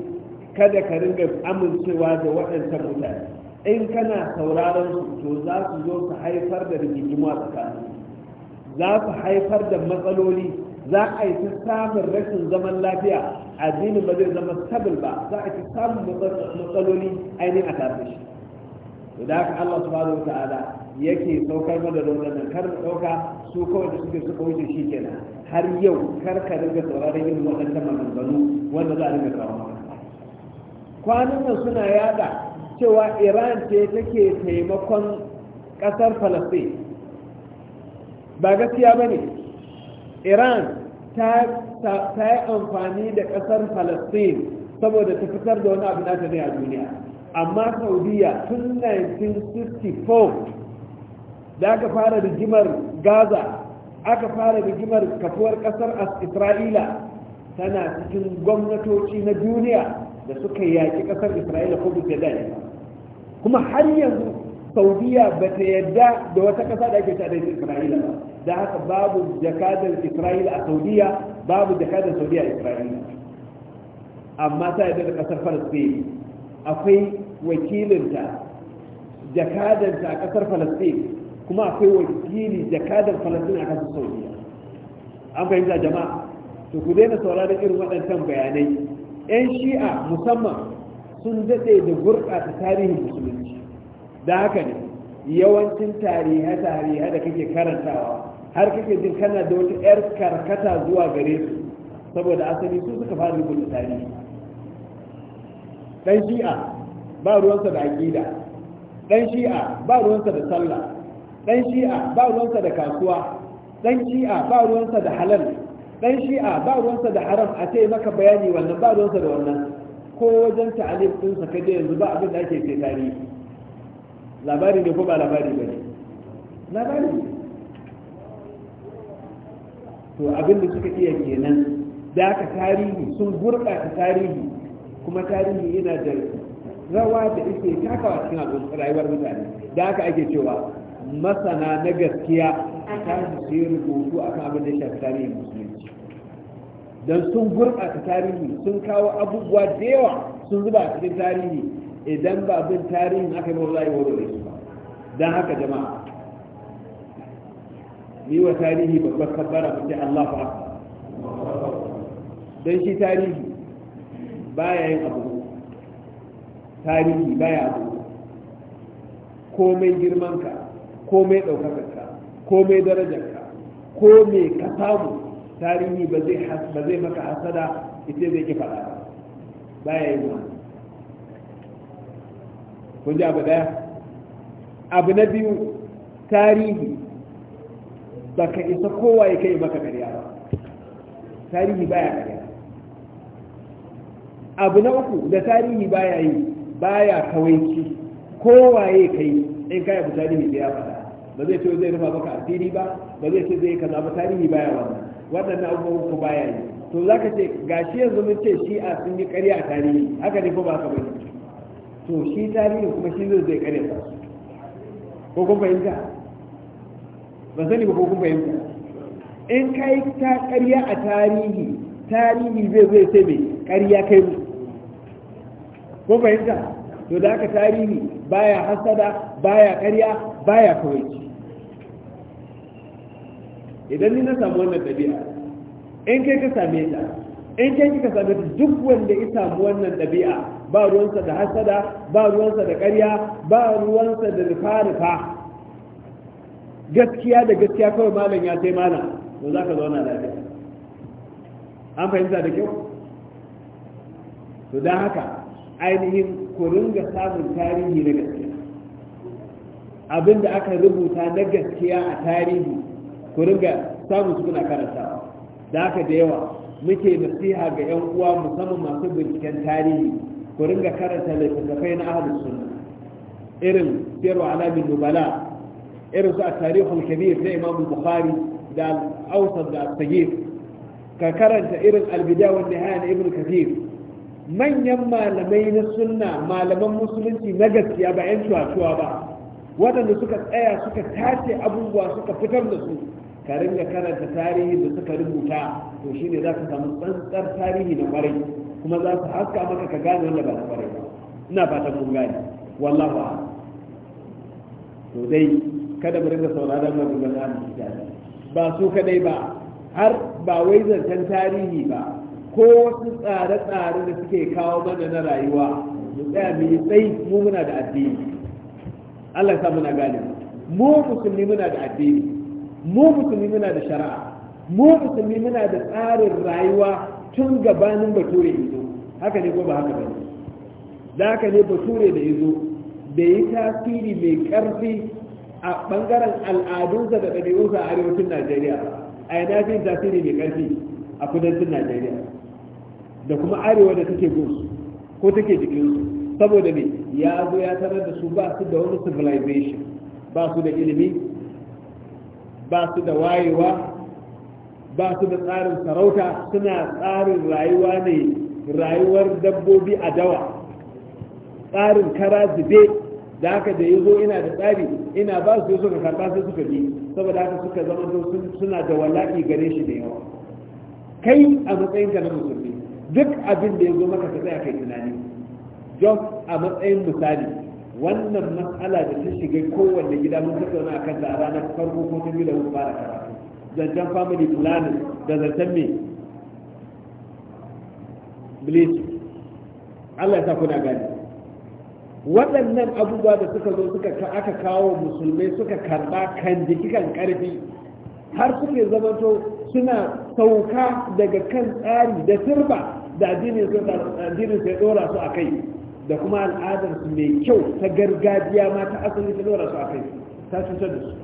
A: kada ka ringa amincewa da waɗancan mutane in kana sauraron su to za su zo su haifar da rigingimu a tsakanin za su haifar da matsaloli za a yi ta samun rashin zaman lafiya addinin ba zai zama stabil ba za a ci samun matsaloli ainihin a tafi shi da haka Allah subhanahu wa yake saukar mana da wannan kar ɗauka su kawai da suke suka wuce shi kenan har yau kar ka dinga irin waɗannan maganganu wanda za a dinga kawo maka kwanan nan suna yada cewa iran ce take taimakon ƙasar falastin ba gaskiya ba ne iran ta yi amfani da ƙasar falastin saboda ta fitar da wani abu nata ne a duniya amma saudiya tun 1964 da aka fara rigimar gaza aka fara rigimar kafuwar kasar isra'ila tana cikin gwamnatoci na duniya da suka yaki kasar isra'ila ko bisa da kuma har yanzu saudiya ba ta yadda da wata ƙasa da ake da isra'ila ba da haka babu jakadar isra'ila a saudiya babu jakadar saudiya a isra'ila amma ta yadda da ƙasar falastin akwai wakilinta jakadanta a ƙasar falastin kuma akwai wakili jakadar falastin a kasar saudiya an fahimta jama'a to ku daina sauraron irin waɗancan bayanai yan shi'a musamman sun daɗe da gurɓata tarihin musulunci da haka ne yawancin tarihe tarihe da kake karantawa har kake jin kana da wata 'yar karkata zuwa gare su saboda asali su suka fara rubuta tarihi dan shi'a ba ruwansa da aƙida dan shi'a ba ruwansa da sallah dan shi'a ba ruwansa da kasuwa dan shi'a ba ruwansa da halal dan shi'a ba ruwansa da haram a ce maka bayani wannan ba ruwansa da wannan ko wajen ta'alif din sa kaje yanzu ba abin da ake ce tarihi labari ne ko ba labari ba ne labari to abin da suka iya kenan da aka tarihi sun gurɓata tarihi kuma tarihi yana da rawa da ike takawa cikin rayuwar mutane da aka ake cewa masana na gaskiya ta su yi rubutu a kan abin da shafi tarihin musulunci don sun gurɓata tarihi sun kawo abubuwa da yawa sun zuba a cikin tarihi idan ba bin tarihin aka yi ba za a yi wani da ba don haka jama'a ni wa tarihi babbar kabbara mu ce Allah fa don shi tarihi baya yin abu tarihi baya abu komai girman ka komai ɗaukakarka komai darajarka komai ka samu tarihi ba zai maka hasada ita zai ki faɗa ba ya yi ma kun ji abu daya abu na biyu tarihi ba ka isa kowa ya kai maka karya ba tarihi baya karya abu na uku da tarihi baya yi baya kowa ya kai in ka abu tarihi da ya faɗa ba zai ce zai rufa maka asiri ba ba zai ce zai kaza ba tarihi baya wannan waɗannan abubuwan ku baya ne. to za ka ce gashi yanzu mun ce shi'a sun yi ƙarya a tarihi haka ne ko ba ka bane to shi tarihi kuma shi zai zai karya? ba ko kun fahimta ba sani ba ko kun fahimta in kai ta ƙarya a tarihi tarihi zai zai sai mai ƙarya kai mu ko fahimta to da haka tarihi baya hasada baya ƙarya baya kawai idan ni na samu wannan ɗabi'a in kai ka same ta in kai kika same ta duk wanda ya samu wannan ɗabi'a ba ruwansa da hasada ba ruwansa da ƙarya ba ruwansa da rufa-rufa gaskiya da gaskiya kawai malam ya sai mana to za ka zauna lafiya an fahimta da kyau to don haka ainihin ku ringa samun tarihi na gaskiya abin da aka rubuta na gaskiya a tarihi ku riga samun su kuna karantawa da haka da yawa muke nasiha ga yan uwa musamman masu binciken tarihi ku ringa karanta littattafai na ahlus sunna irin sirru alamin nubala irin su a tarihul kabir na imam bukhari da al-awsat da as-saghir ka karanta irin al-bidaya wa nihaya na ibn kathir manyan malamai na sunna malaman musulunci na gaskiya ba yan shuwa ba waɗanda suka tsaya suka tace abubuwa suka fitar da su ka ringa karanta tarihi da suka rubuta to shine za ka samu tsantsar tarihi na kwarai kuma za su haska maka ka gane wanda ba na kwarai ba ina fatan kun gane wallahu a'lam to dai kada mu ringa sauraron maganganun ahlul kitab ba su kadai ba har ba wai zancen tarihi ba ko wasu tsare-tsare da suke kawo mana na rayuwa mu tsaya mu yi tsayi mu muna da addini Allah ya sa muna gane mu musulmi muna da addini mu musulmi muna da shari'a mu musulmi muna da tsarin rayuwa tun gabanin bature izo haka ne ko ba haka ba da haka ne bature da izo da yi tasiri mai karfi a bangaren al'adunsa da ɗabi'unsa a arewacin najeriya a yana fi tasiri mai karfi a kudancin najeriya da kuma arewa da take gunsu ko take jikinsu saboda ne ya zo ya tarar da su ba su da wani civilization ba su da ilimi ba su da wayewa ba su da tsarin sarauta suna tsarin rayuwa ne rayuwar dabbobi a dawa tsarin kara zube da haka da yazo ina da tsari ina ba su suka karba sai suka bi saboda haka suka zama suna da wala'i gare shi da yawa kai a matsayinka na musulmi duk abin da ya zo maka ka tsaya kai tunani jos a matsayin misali wannan matsala da ta shiga kowanne gida mun a akan da ranar farko ko ta biyu da mun fara karatu zancen family planning da zancen me bleaching Allah ya sa kuna gani waɗannan abubuwa da suka zo suka aka kawo musulmai suka karɓa kan jikikan ƙarfi har suke zamanto suna sauka daga kan tsari da turba da addinin sai dora su a kai da kuma al'adar su mai kyau ta gargajiya ma ta asali ta dora su a kai ta cutar da su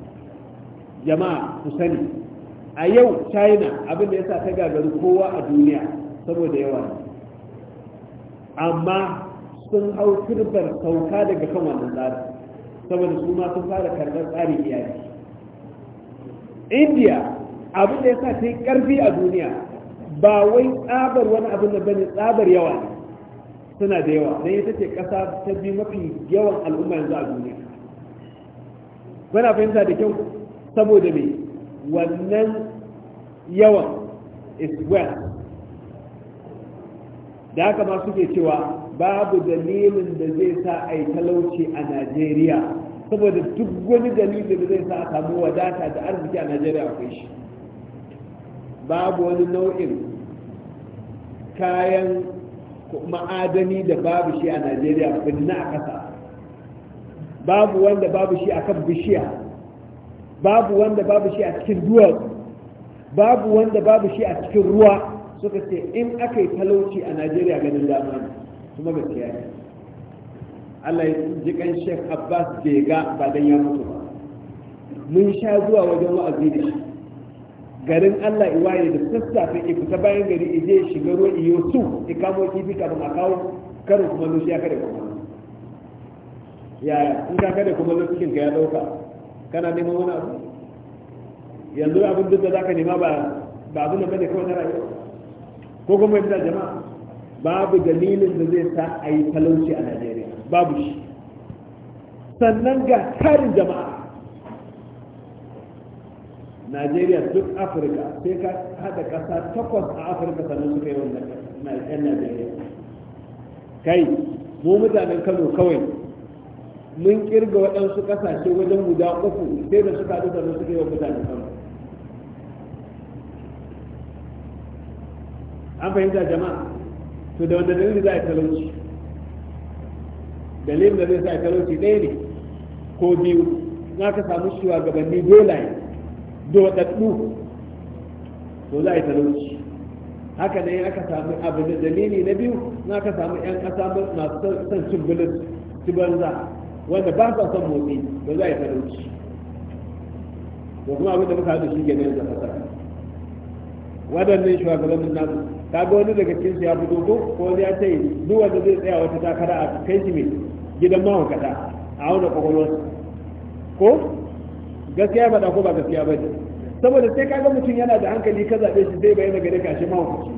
A: jama'a ku sani a yau china abin da ya sa ta gagaru kowa a duniya saboda yawa amma sun hau turbar sauka daga kan wannan tsarin saboda su ma sun fara karɓar tsarin iyali india abin da ya sa ta yi ƙarfi a duniya ba wai tsabar wani abin da bane tsabar yawa ne suna da yawa dan ita ce ƙasa ta bi mafi yawan al'umma yanzu a duniya muna fahimta da kyau saboda me wannan yawan is well da haka ma suke cewa babu dalilin da zai sa a yi talauci a najeriya saboda duk wani dalili da zai sa a samu wadata da arziki a najeriya akwai shi babu wani nau'in kayan ma'adani da babu shi a najeriya binna a kasa. babu wanda babu shi a kan bishiya babu wanda babu shi a cikin duwatsu babu wanda babu shi a cikin ruwa suka ce in aka yi talauci a najeriya ganin dama ne kuma gaskiya ne allah ya ji kan shek abbas bega ba dan ya mutu ba mun sha zuwa wajen wa'azi da shi garin Allah iwaye da sassafe ifi fita bayan gari ije shiga ruwa iyo su ya kamo kifi kafin a kawo karin kumallo shi ya kare kumallo ya in ka kare kumallo cikin ka ya dauka kana neman wani abu yanzu abin duk da zaka nema ba ba abin da bane kawai na rayuwa ko kuma yadda jama'a babu dalilin da zai sa a yi talauci a Najeriya babu shi sannan ga tarin jama'a najeriya duk afirka sai ka haɗa ƙasa takwas a afirka sannan suka yi wannan yan najeriya kai mu mutanen kano kawai mun kirga waɗansu ƙasashe wajen guda uku sai da suka haɗu sannan suka yi wa mutanen kano an fahimta jama'a to da wanda dalili za a talauci dalilin da zai sa a talauci ɗaya ne ko biyu na ka samu shugabanni dolaye dodaddu to za a yi talauci haka ne aka samu abu da dalili na biyu na aka samu yan kasa masu son cin bilis ci banza wanda ba sa son motsi to za a yi talauci to kuma abin da muka haɗu shi kenan da fasara waɗannan shugabannin nasu ta ga wani daga cikin ya fito ko ko wani ya ce duk wanda zai tsaya wata takara a kai shi mai gidan mahaukata a auna kwakwalwa ko gaskiya ba da ko ba gaskiya ba ne saboda sai kaga mutum yana da hankali ka zaɓe shi zai bayyana gare ka shi mahaukaci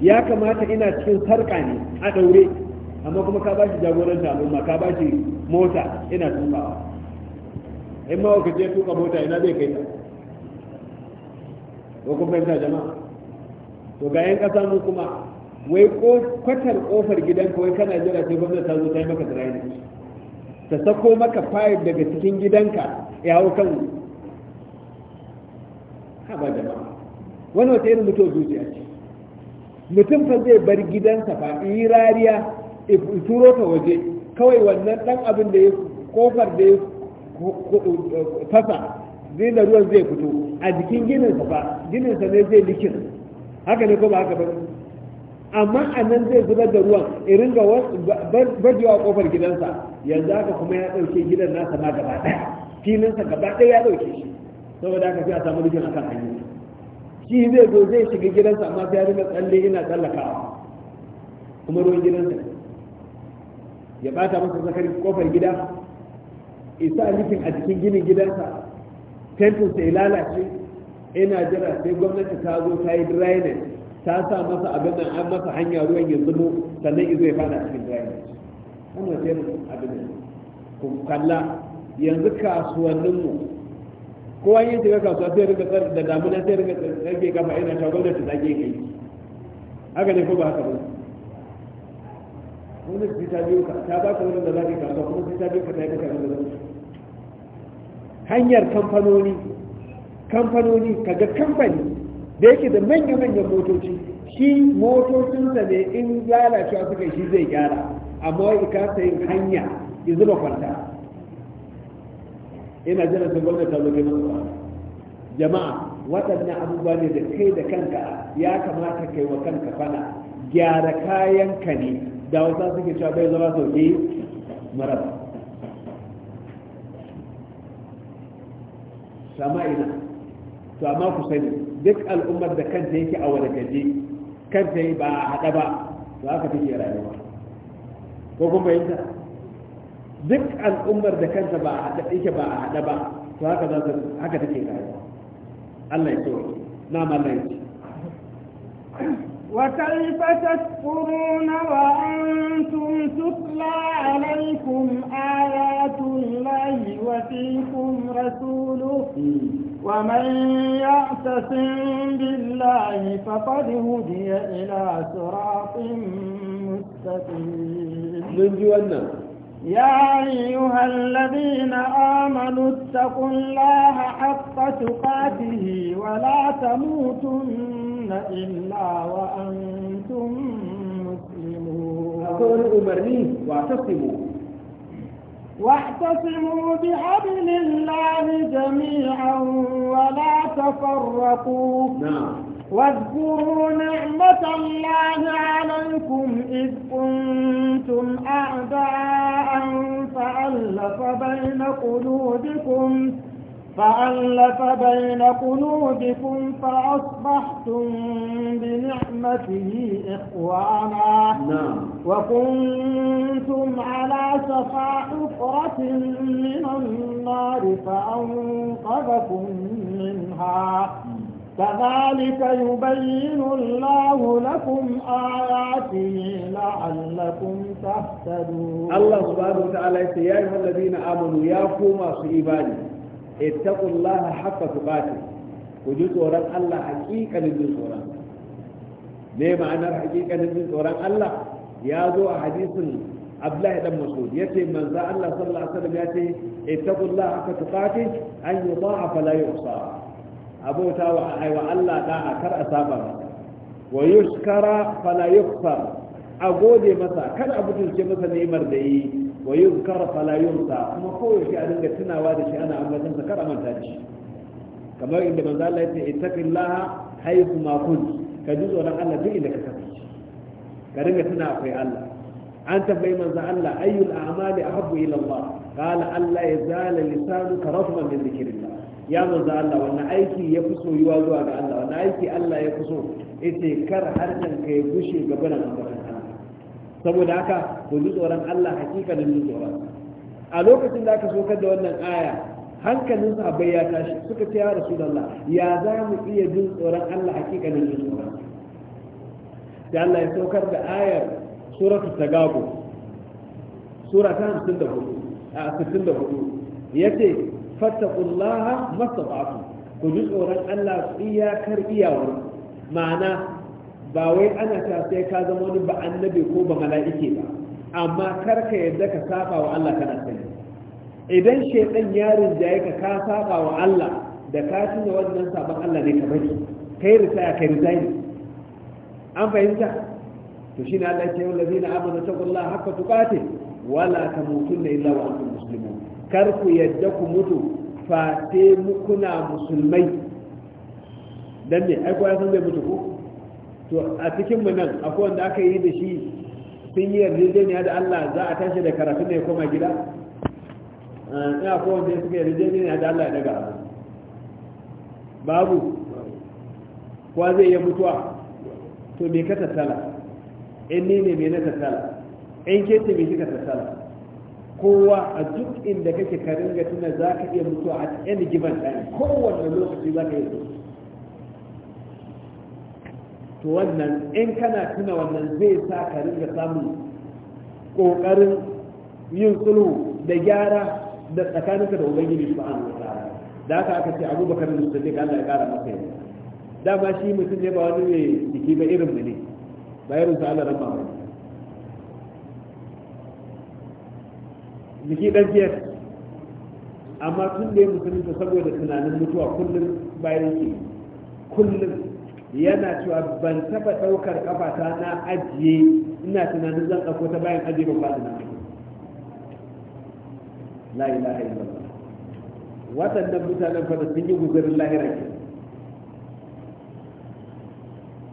A: ya kamata ina cikin sarƙa ne a ɗaure amma kuma ka bashi jagoranci al'umma ka bashi mota ina tukawa in mahaukaci ya tuka mota ina zai kai ta ko kun fahimta jama'a to ga yan ƙasa mu kuma wai kwatar kofar gidanka wai kana jira sai gwamnati ta zo ta yi maka drainage ta sako maka fayil daga cikin gidanka ya hau kan haba mawa wani wata irin mutuwar zuciya ce mutum fa zai bar gidansa fa yi rariya turo ta waje kawai wannan dan abin da ya kofar da ya fasa zai da ruwan zai fito a jikin gininsa fa gininsa ne zai likin haka ne ko ba haka ba amma a nan zai zubar da ruwan irin ga barjewa kofar gidansa yanzu haka kuma ya ɗauke gidan nasa ma gaba ɗaya filinsa gaba ɗaya ya ɗauke shi saboda aka sai a samu rikin akan hanyar shi zai zo zai shiga gidansa amma sai ya rinka tsalle ina tsallakawa kuma ruwan gidansa ya bata masa zakarin kofar gida isa nufin a cikin ginin gidansa tentin sai lalace ina jira sai gwamnati ta zo ta yi drainage ta sa masa abin nan an masa hanya ruwan ya zubo sannan izo ya fada cikin drainage wannan sai abin nan ku kalla yanzu kasuwanninmu kowa yin shiga kasuwa sai rika tsar da damuna sai rika tsarke kafa ina shagon da tsage kai haka ne ko ba haka ba wani su ta biyu ka ta ba ka wani da za ka yi kasuwa kuma su ta biyu ka ta yi ka kasuwa da zama hanyar kamfanoni kamfanoni ga kamfani da yake da manya-manyan motoci shi motocinsa ne in lalacewa suka shi zai gyara amma wai ka yin hanya ya zuba kwanta ina jiran sun gwamnati ta zo kai masa jama'a waɗannan abubuwa ne da kai da kanka ya kamata kai wa kanka fana gyara kayan ka ne da wasa suke cewa bai zama sauki maraba sama ina to amma ku sani duk al'ummar da kanta yake a wadakaje kanta yi ba a haɗa ba to haka take rayuwa ko kuma yanta duk al'ummar da kanta ba a haɗa yake ba a haɗa ba to haka za ta haka take rayuwa Allah ya tsoro na mallan
B: وكيف تكفرون وأنتم تتلى عليكم آيات الله وفيكم رسوله ومن يعتصم بالله فقد هدي إلى صراط مستقيم. يا أيها الذين آمنوا اتقوا الله حق تقاته ولا تموتن إلا وأنتم مسلمون أقول أمرني
A: واعتصموا
B: واعتصموا بحبل الله جميعا ولا تفرقوا نعم واذكروا نعمة الله عليكم إذ كنتم أعداء فألف بين قلوبكم فألف بين قلوبكم فأصبحتم بنعمته إخوانا نعم. وكنتم على شفا حفرة من النار فأنقذكم منها كذلك يبين الله لكم آياته لعلكم تهتدون الله
A: سبحانه وتعالى يا أيها الذين آمنوا يا قوم إيماني اتقوا الله حق تقاته وجود ورد الله حقيقة للجزء ورد ليه معنى حقيقة للجزء ورد الله يا ذو حديث abdullahi dan masud yace manzo Allah sallallahu alaihi wasallam yace ittaqullaha haqqa tuqatih an yuda'a fala yuhsa abota wa aiwa Allah da'a kar a saba masa wa yushkara fala yukfar a gode masa kada a mutunce masa ni'imar da yi wa yuzkar fala yunsa kuma kowace a dinga tunawa da shi ana ambaton sa kar a manta da shi kamar inda manzo Allah ya ce ittaqillaha haythu ma kunt ka ji tsoron Allah duk inda ka kasance ka dinga tuna akwai Allah an tambayi manzo Allah ayyul a'mali ahabbu ila Allah qala Allah yazala lisanuka rafman min dhikrillah ya manzo Allah wannan aiki ya fi soyuwa zuwa ga Allah wannan aiki Allah ya fi so ita kar harshen ka ya gushe gaban ambatan Allah saboda haka ku ji tsoron Allah hakikanin ji tsoron a lokacin da aka sokar da wannan aya hankalin sahabbai ya tashi suka ce ya rasulullah ya za mu iya jin tsoron Allah hakikanin jin tsoron da Allah ya saukar da ayar suratul tagabun sura ta 54 a 64 yace fattaqullaha mastata'tum ku ji tsoron Allah iyakar iyawar ma'ana ba wai ana ta sai ka zama wani ba annabi ko ba mala'ike ba amma kar ka yadda ka saba wa Allah kana sani idan shedan yarin jaye ka ka saba wa Allah da ka tuna wannan saban Allah ne ka bari kai ritaya kai ritaya an fahimta to shine Allah ya ce wallazina amanu taqullaha haqqa tuqatih wala tamutunna illa wa antum muslimun kar ku yadda ku mutu fa sai kuna musulmai dan ne ai kowa san zai mutu ko to a cikin mu nan akwai wanda aka yi da shi sun yi yarjejeniya da Allah za a tashi da karatu ne koma gida eh, ina ko wanda suka yarjejeniya da Allah ya daga abu babu kowa zai yi mutuwa to me ka tattala in ne me na tattala in ke ce me kika tattala kowa a duk inda kake karinga tuna za ka iya mutuwa a any given time kowanne lokaci za ka iya to wannan in kana tuna wannan zai sa ka samun ƙoƙarin yin sulhu da gyara da tsakaninka da ubangiji su an da haka aka ce abubakar musulmi da ya kara masa yau dama shi mutum ne ba wani mai jiki ba irin mu ne ba irin sa Allah ramma ba jiki ɗan fiye amma tun da ya ta saboda tunanin mutuwa kullum bayan ki? kullum yana cewa ban taba ɗaukar ƙafata na ajiye ina tunanin zan ɗauko ta bayan ajiye ba faɗi na la ilaha illallah waɗannan mutanen fada sun yi guzurin lahira ke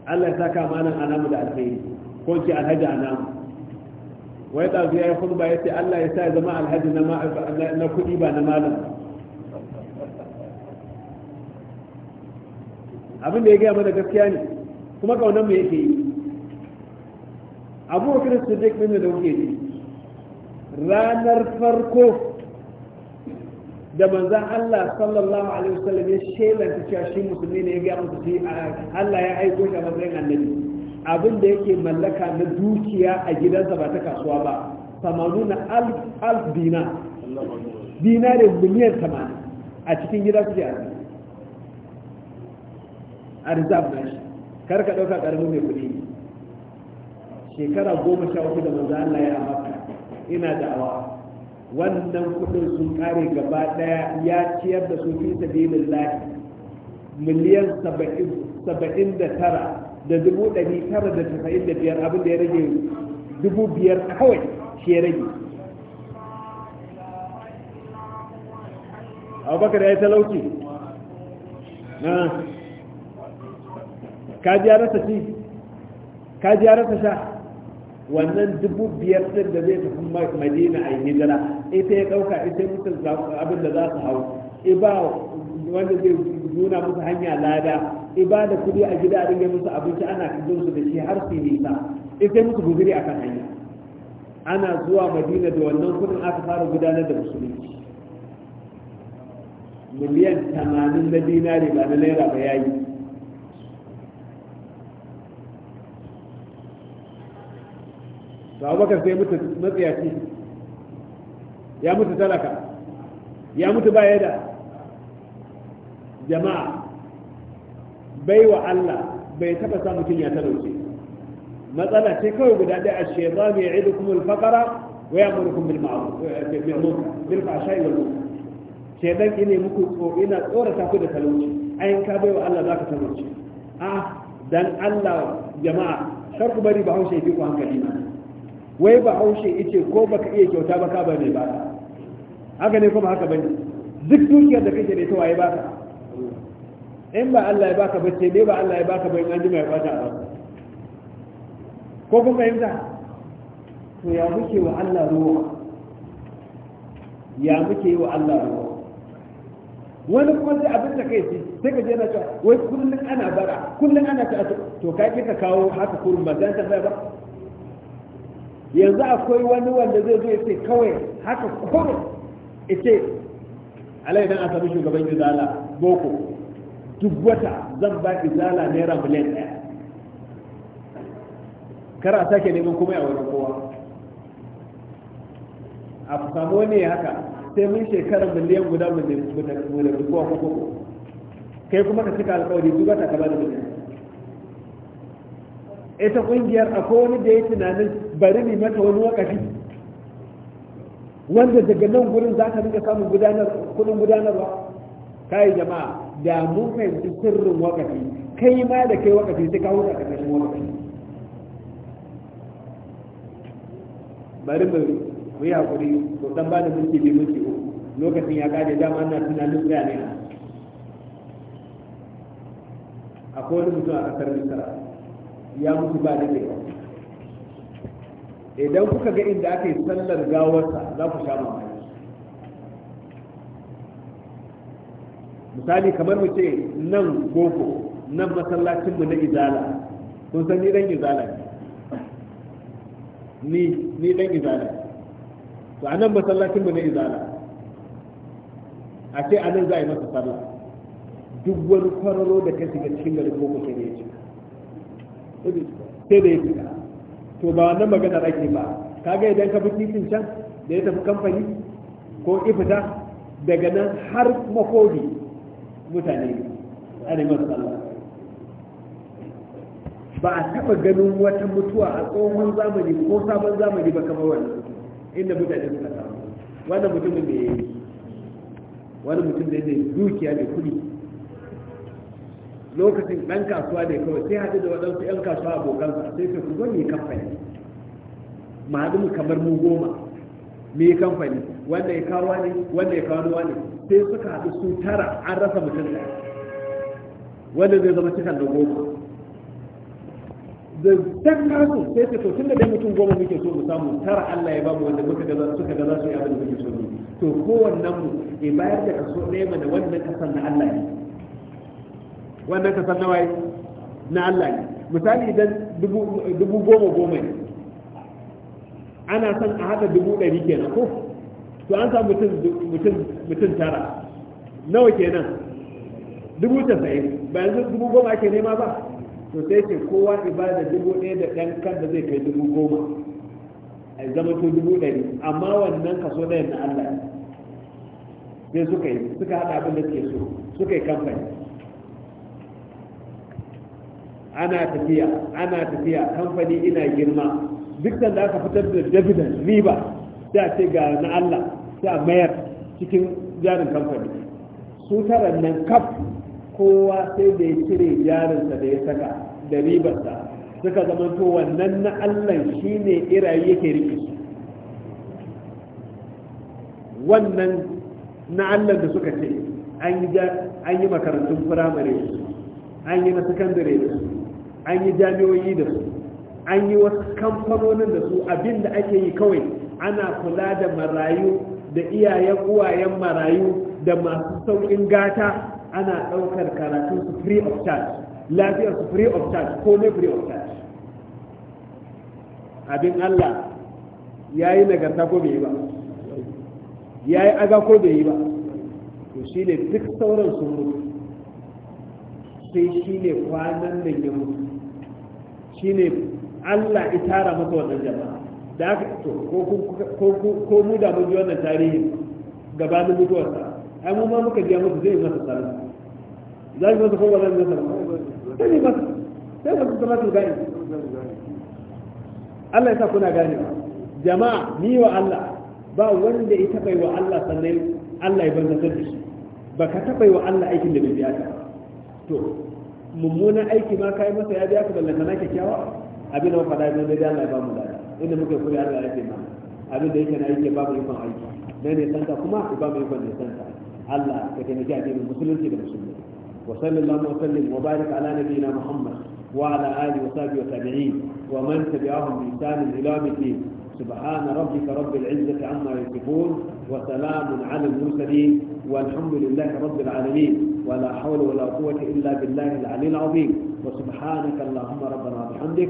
A: Allah ya saka malam anamu da alkhairi ko ki alhaji anamu wai ɗazu ya yi hulba ya ce allah ya sa ya zama alhaji na kuɗi ba na malam abin da ya gaya mana gaskiya ne kuma ƙaunar mu yake yi abubakar siddiq ɗin da kuke ne. ranar farko da manzan Allah sallallahu alaihi wasallam ya shelanta cewa shi musulmi ne ya gaya musu shi Allah ya aiko shi a matsayin annabi abin da yake mallaka na dukiya a gidansa ba ta kasuwa ba samanu na alf dina dina da miliyan tamanin a cikin gida su ce a rizab na shi kar ka ɗauka ƙaramin mai kuɗi shekara goma sha uku da manzo Allah ya maka ina da'awa wannan kuɗin sun kare gaba ɗaya ya ciyar da su fi sabilillahi miliyan saba'in da tara da dubu ɗari tara da tasa'in da biyar abin da ya rage dubu biyar kawai shi ya rage abubakar ya yi talauci na kaji ya rasa ci kaji ya rasa sha wannan dubu biyar ɗin da zai tafi madina a yi hijira ita ya ɗauka ita ya abin da za su hau iba wanda zai nuna musu hanya lada ibada kudi a gida a dinga musu abinci ana kallon su da shi har su nisa in sai musu a kan hanya ana zuwa madina da wannan kudin aka fara gudanar da musulunci miliyan tamanin na dinari ba na naira ba yayi sau bakar sai mutu matsayaci ya mutu talaka ya mutu baya da jama'a Bai wa Allah bai taba sa mutum ya talauce matsala ce kawai guda ɗaya a shaitan ya idu kuma alfakara wa ya murkum kuma ma'ruf eh, eh, bil fahsha'i wal munkar shaitan ina muku ina tsorata ku da talauci ayin ka bai wa Allah za ka talauce a dan Allah jama'a kar ku bari bahaushe ya fi ku hankali na wai bahaushe yace ko ba ka iya kyauta ba ka ba mai ba haka ne kuma haka bane duk dukiyar da kake da ita waye ba in ba Allah ya baka bace ne ba Allah ya baka ba in an jima ya bata ba ko kun fahimta to ya muke wa Allah ruwa ya muke wa Allah ruwa wani kuma sai abin da kai ce sai ka je na cewa wai kullum ana bara kullum ana ta to ka ke ka kawo haka kurun ba dan ta ba yanzu akwai wani wanda zai zo ya ce kawai haka kurun ya ce alai dan a shugaban gizala boko duk wata zan ba ki zala naira miliyan ɗaya kar a sake neman kuma yawon wani kowa a samu ne haka sai mun shekarar miliyan guda miliyan kowa kuma koko kai kuma ka cika alkawari duk wata ka ba da miliyan ita kungiyar akwai wani da ya tunanin bari ne mata wani wakafi wanda daga nan gurin za ka rika samun gudanar kudin gudanarwa kai jama'a da mun fahimci sirrin wakafi kai ma da kai wakafi sai ka huta a ƙarƙashin wakafi bari mu mu yi hakuri to dan ba da mulki bi mulki uku lokacin ya kare dama ana tunanin gane na akwai wani mutum a ƙasar misra ya mutu ba da kai idan kuka ga inda aka yi sallar gawarsa za ku sha mamaki misali kamar mu ce nan gogo nan masallacin mu na izala kun san ni dan izala ne ni ni dan izala to anan masallacin mu na izala a ce a nan za a yi masa sallah duk wani kwararo da ka shiga cikin garin gogo ke da ya cika sai da ya cika to ba wannan magana ake ba kaga idan ka bi titin can da ya tafi kamfani ko ifita daga nan har makobi mutane arewa sallah ba a taɓa ganin wata mutuwa a tsohon zamani ko sabon zamani ba kamar wannan inda mutane suka samu wannan mutumin da ya yi wani mutum da ya dukiya mai kuɗi lokacin ɗan kasuwa ne kawai sai haɗu da waɗansu ‘yan kasuwa abokansa sai su ku gwani kamfani mu mu kamar mu goma me kamfani wanda ya kawo ne wanda ya kawo ne sai suka haɗu su tara an rasa mutum ɗaya wanda zai zama cikin da goma da zan kasu sai ta to tun da dai mutum goma muke so mu samu tara Allah ya ba mu wanda muka gaza suka gaza su yi abin da muke so mu to kowannen mu ya bayar da kaso ɗaya mana wannan kasan na Allah ne wannan kasan na waye na Allah ne misali idan dubu goma goma ne ana son a haɗa dubu ɗari kenan ko to an samu mutum mutum tara nawa kenan dubu tasa'in ba yanzu dubu goma ake nema ba to sai ce kowa ibada dubu ɗaya da ɗan kan da zai kai dubu goma a zama to dubu ɗari amma wannan kaso ɗayan na Allah sai suka yi suka haɗa abin da suke so suka yi kamfani ana tafiya ana tafiya kamfani ina girma duk da aka fitar da dividend riba sai a ce ga na Allah sai a mayar cikin jarin kamfani su taran nan kaf kowa sai da ya cire jarinsa da ya saka da ribarsa suka zama to wannan na allah shi ne irayi yake riƙe wannan na allah da suka ce an yi makarantun firamare an yi na sakandare da su an yi jami'oyi da su an yi wasu kamfanonin da su abin da ake yi kawai ana kula da marayu da iyayen uwayen marayu da masu sauƙin gata ana ɗaukar karatun su free of charge lafiyar su free of charge ko ne free of charge abin Allah ya yi nagarta ko bai yi ba ya yi aga ko bai yi ba to shi ne duk sauran sun mutu sai shi ne kwanan da ya mutu shi ne Allah ya tara masa wannan jama'a da aka to ko mu da mun ji wannan tarihi gabanin mutuwarsa ai mu ma muka ji musu zai masa sallah za ki masa ko ba za mu masa ba sai masa sai masa salatu gani Allah ya sa kuna gane jama'a ni wa Allah ba wanda ya taɓa wa Allah sannan Allah ya banzantar da shi ba ka taɓa wa Allah aikin da bai biya ka to mummunan aiki ma kai masa ya biya ka ballanta na kyakkyawa abin da faɗa ne da Allah ya ba mu da inda muke koyi Allah yake ma abin da yake na yake babu mu aiki na ne santa kuma ba mu ikon ne santa Allah ka taimaki addinin musulunci da musulmi wa sallallahu wa sallim wa barik ala nabiyyina Muhammad wa ala ali wa sahbihi wa tabi'in wa man tabi'ahum bi ihsan ila yawm الدين سبحان ربك رب العزة عما يصفون وسلام على المرسلين والحمد لله رب العالمين ولا حول ولا قوة إلا بالله العلي العظيم وسبحانك اللهم ربنا وبحمدك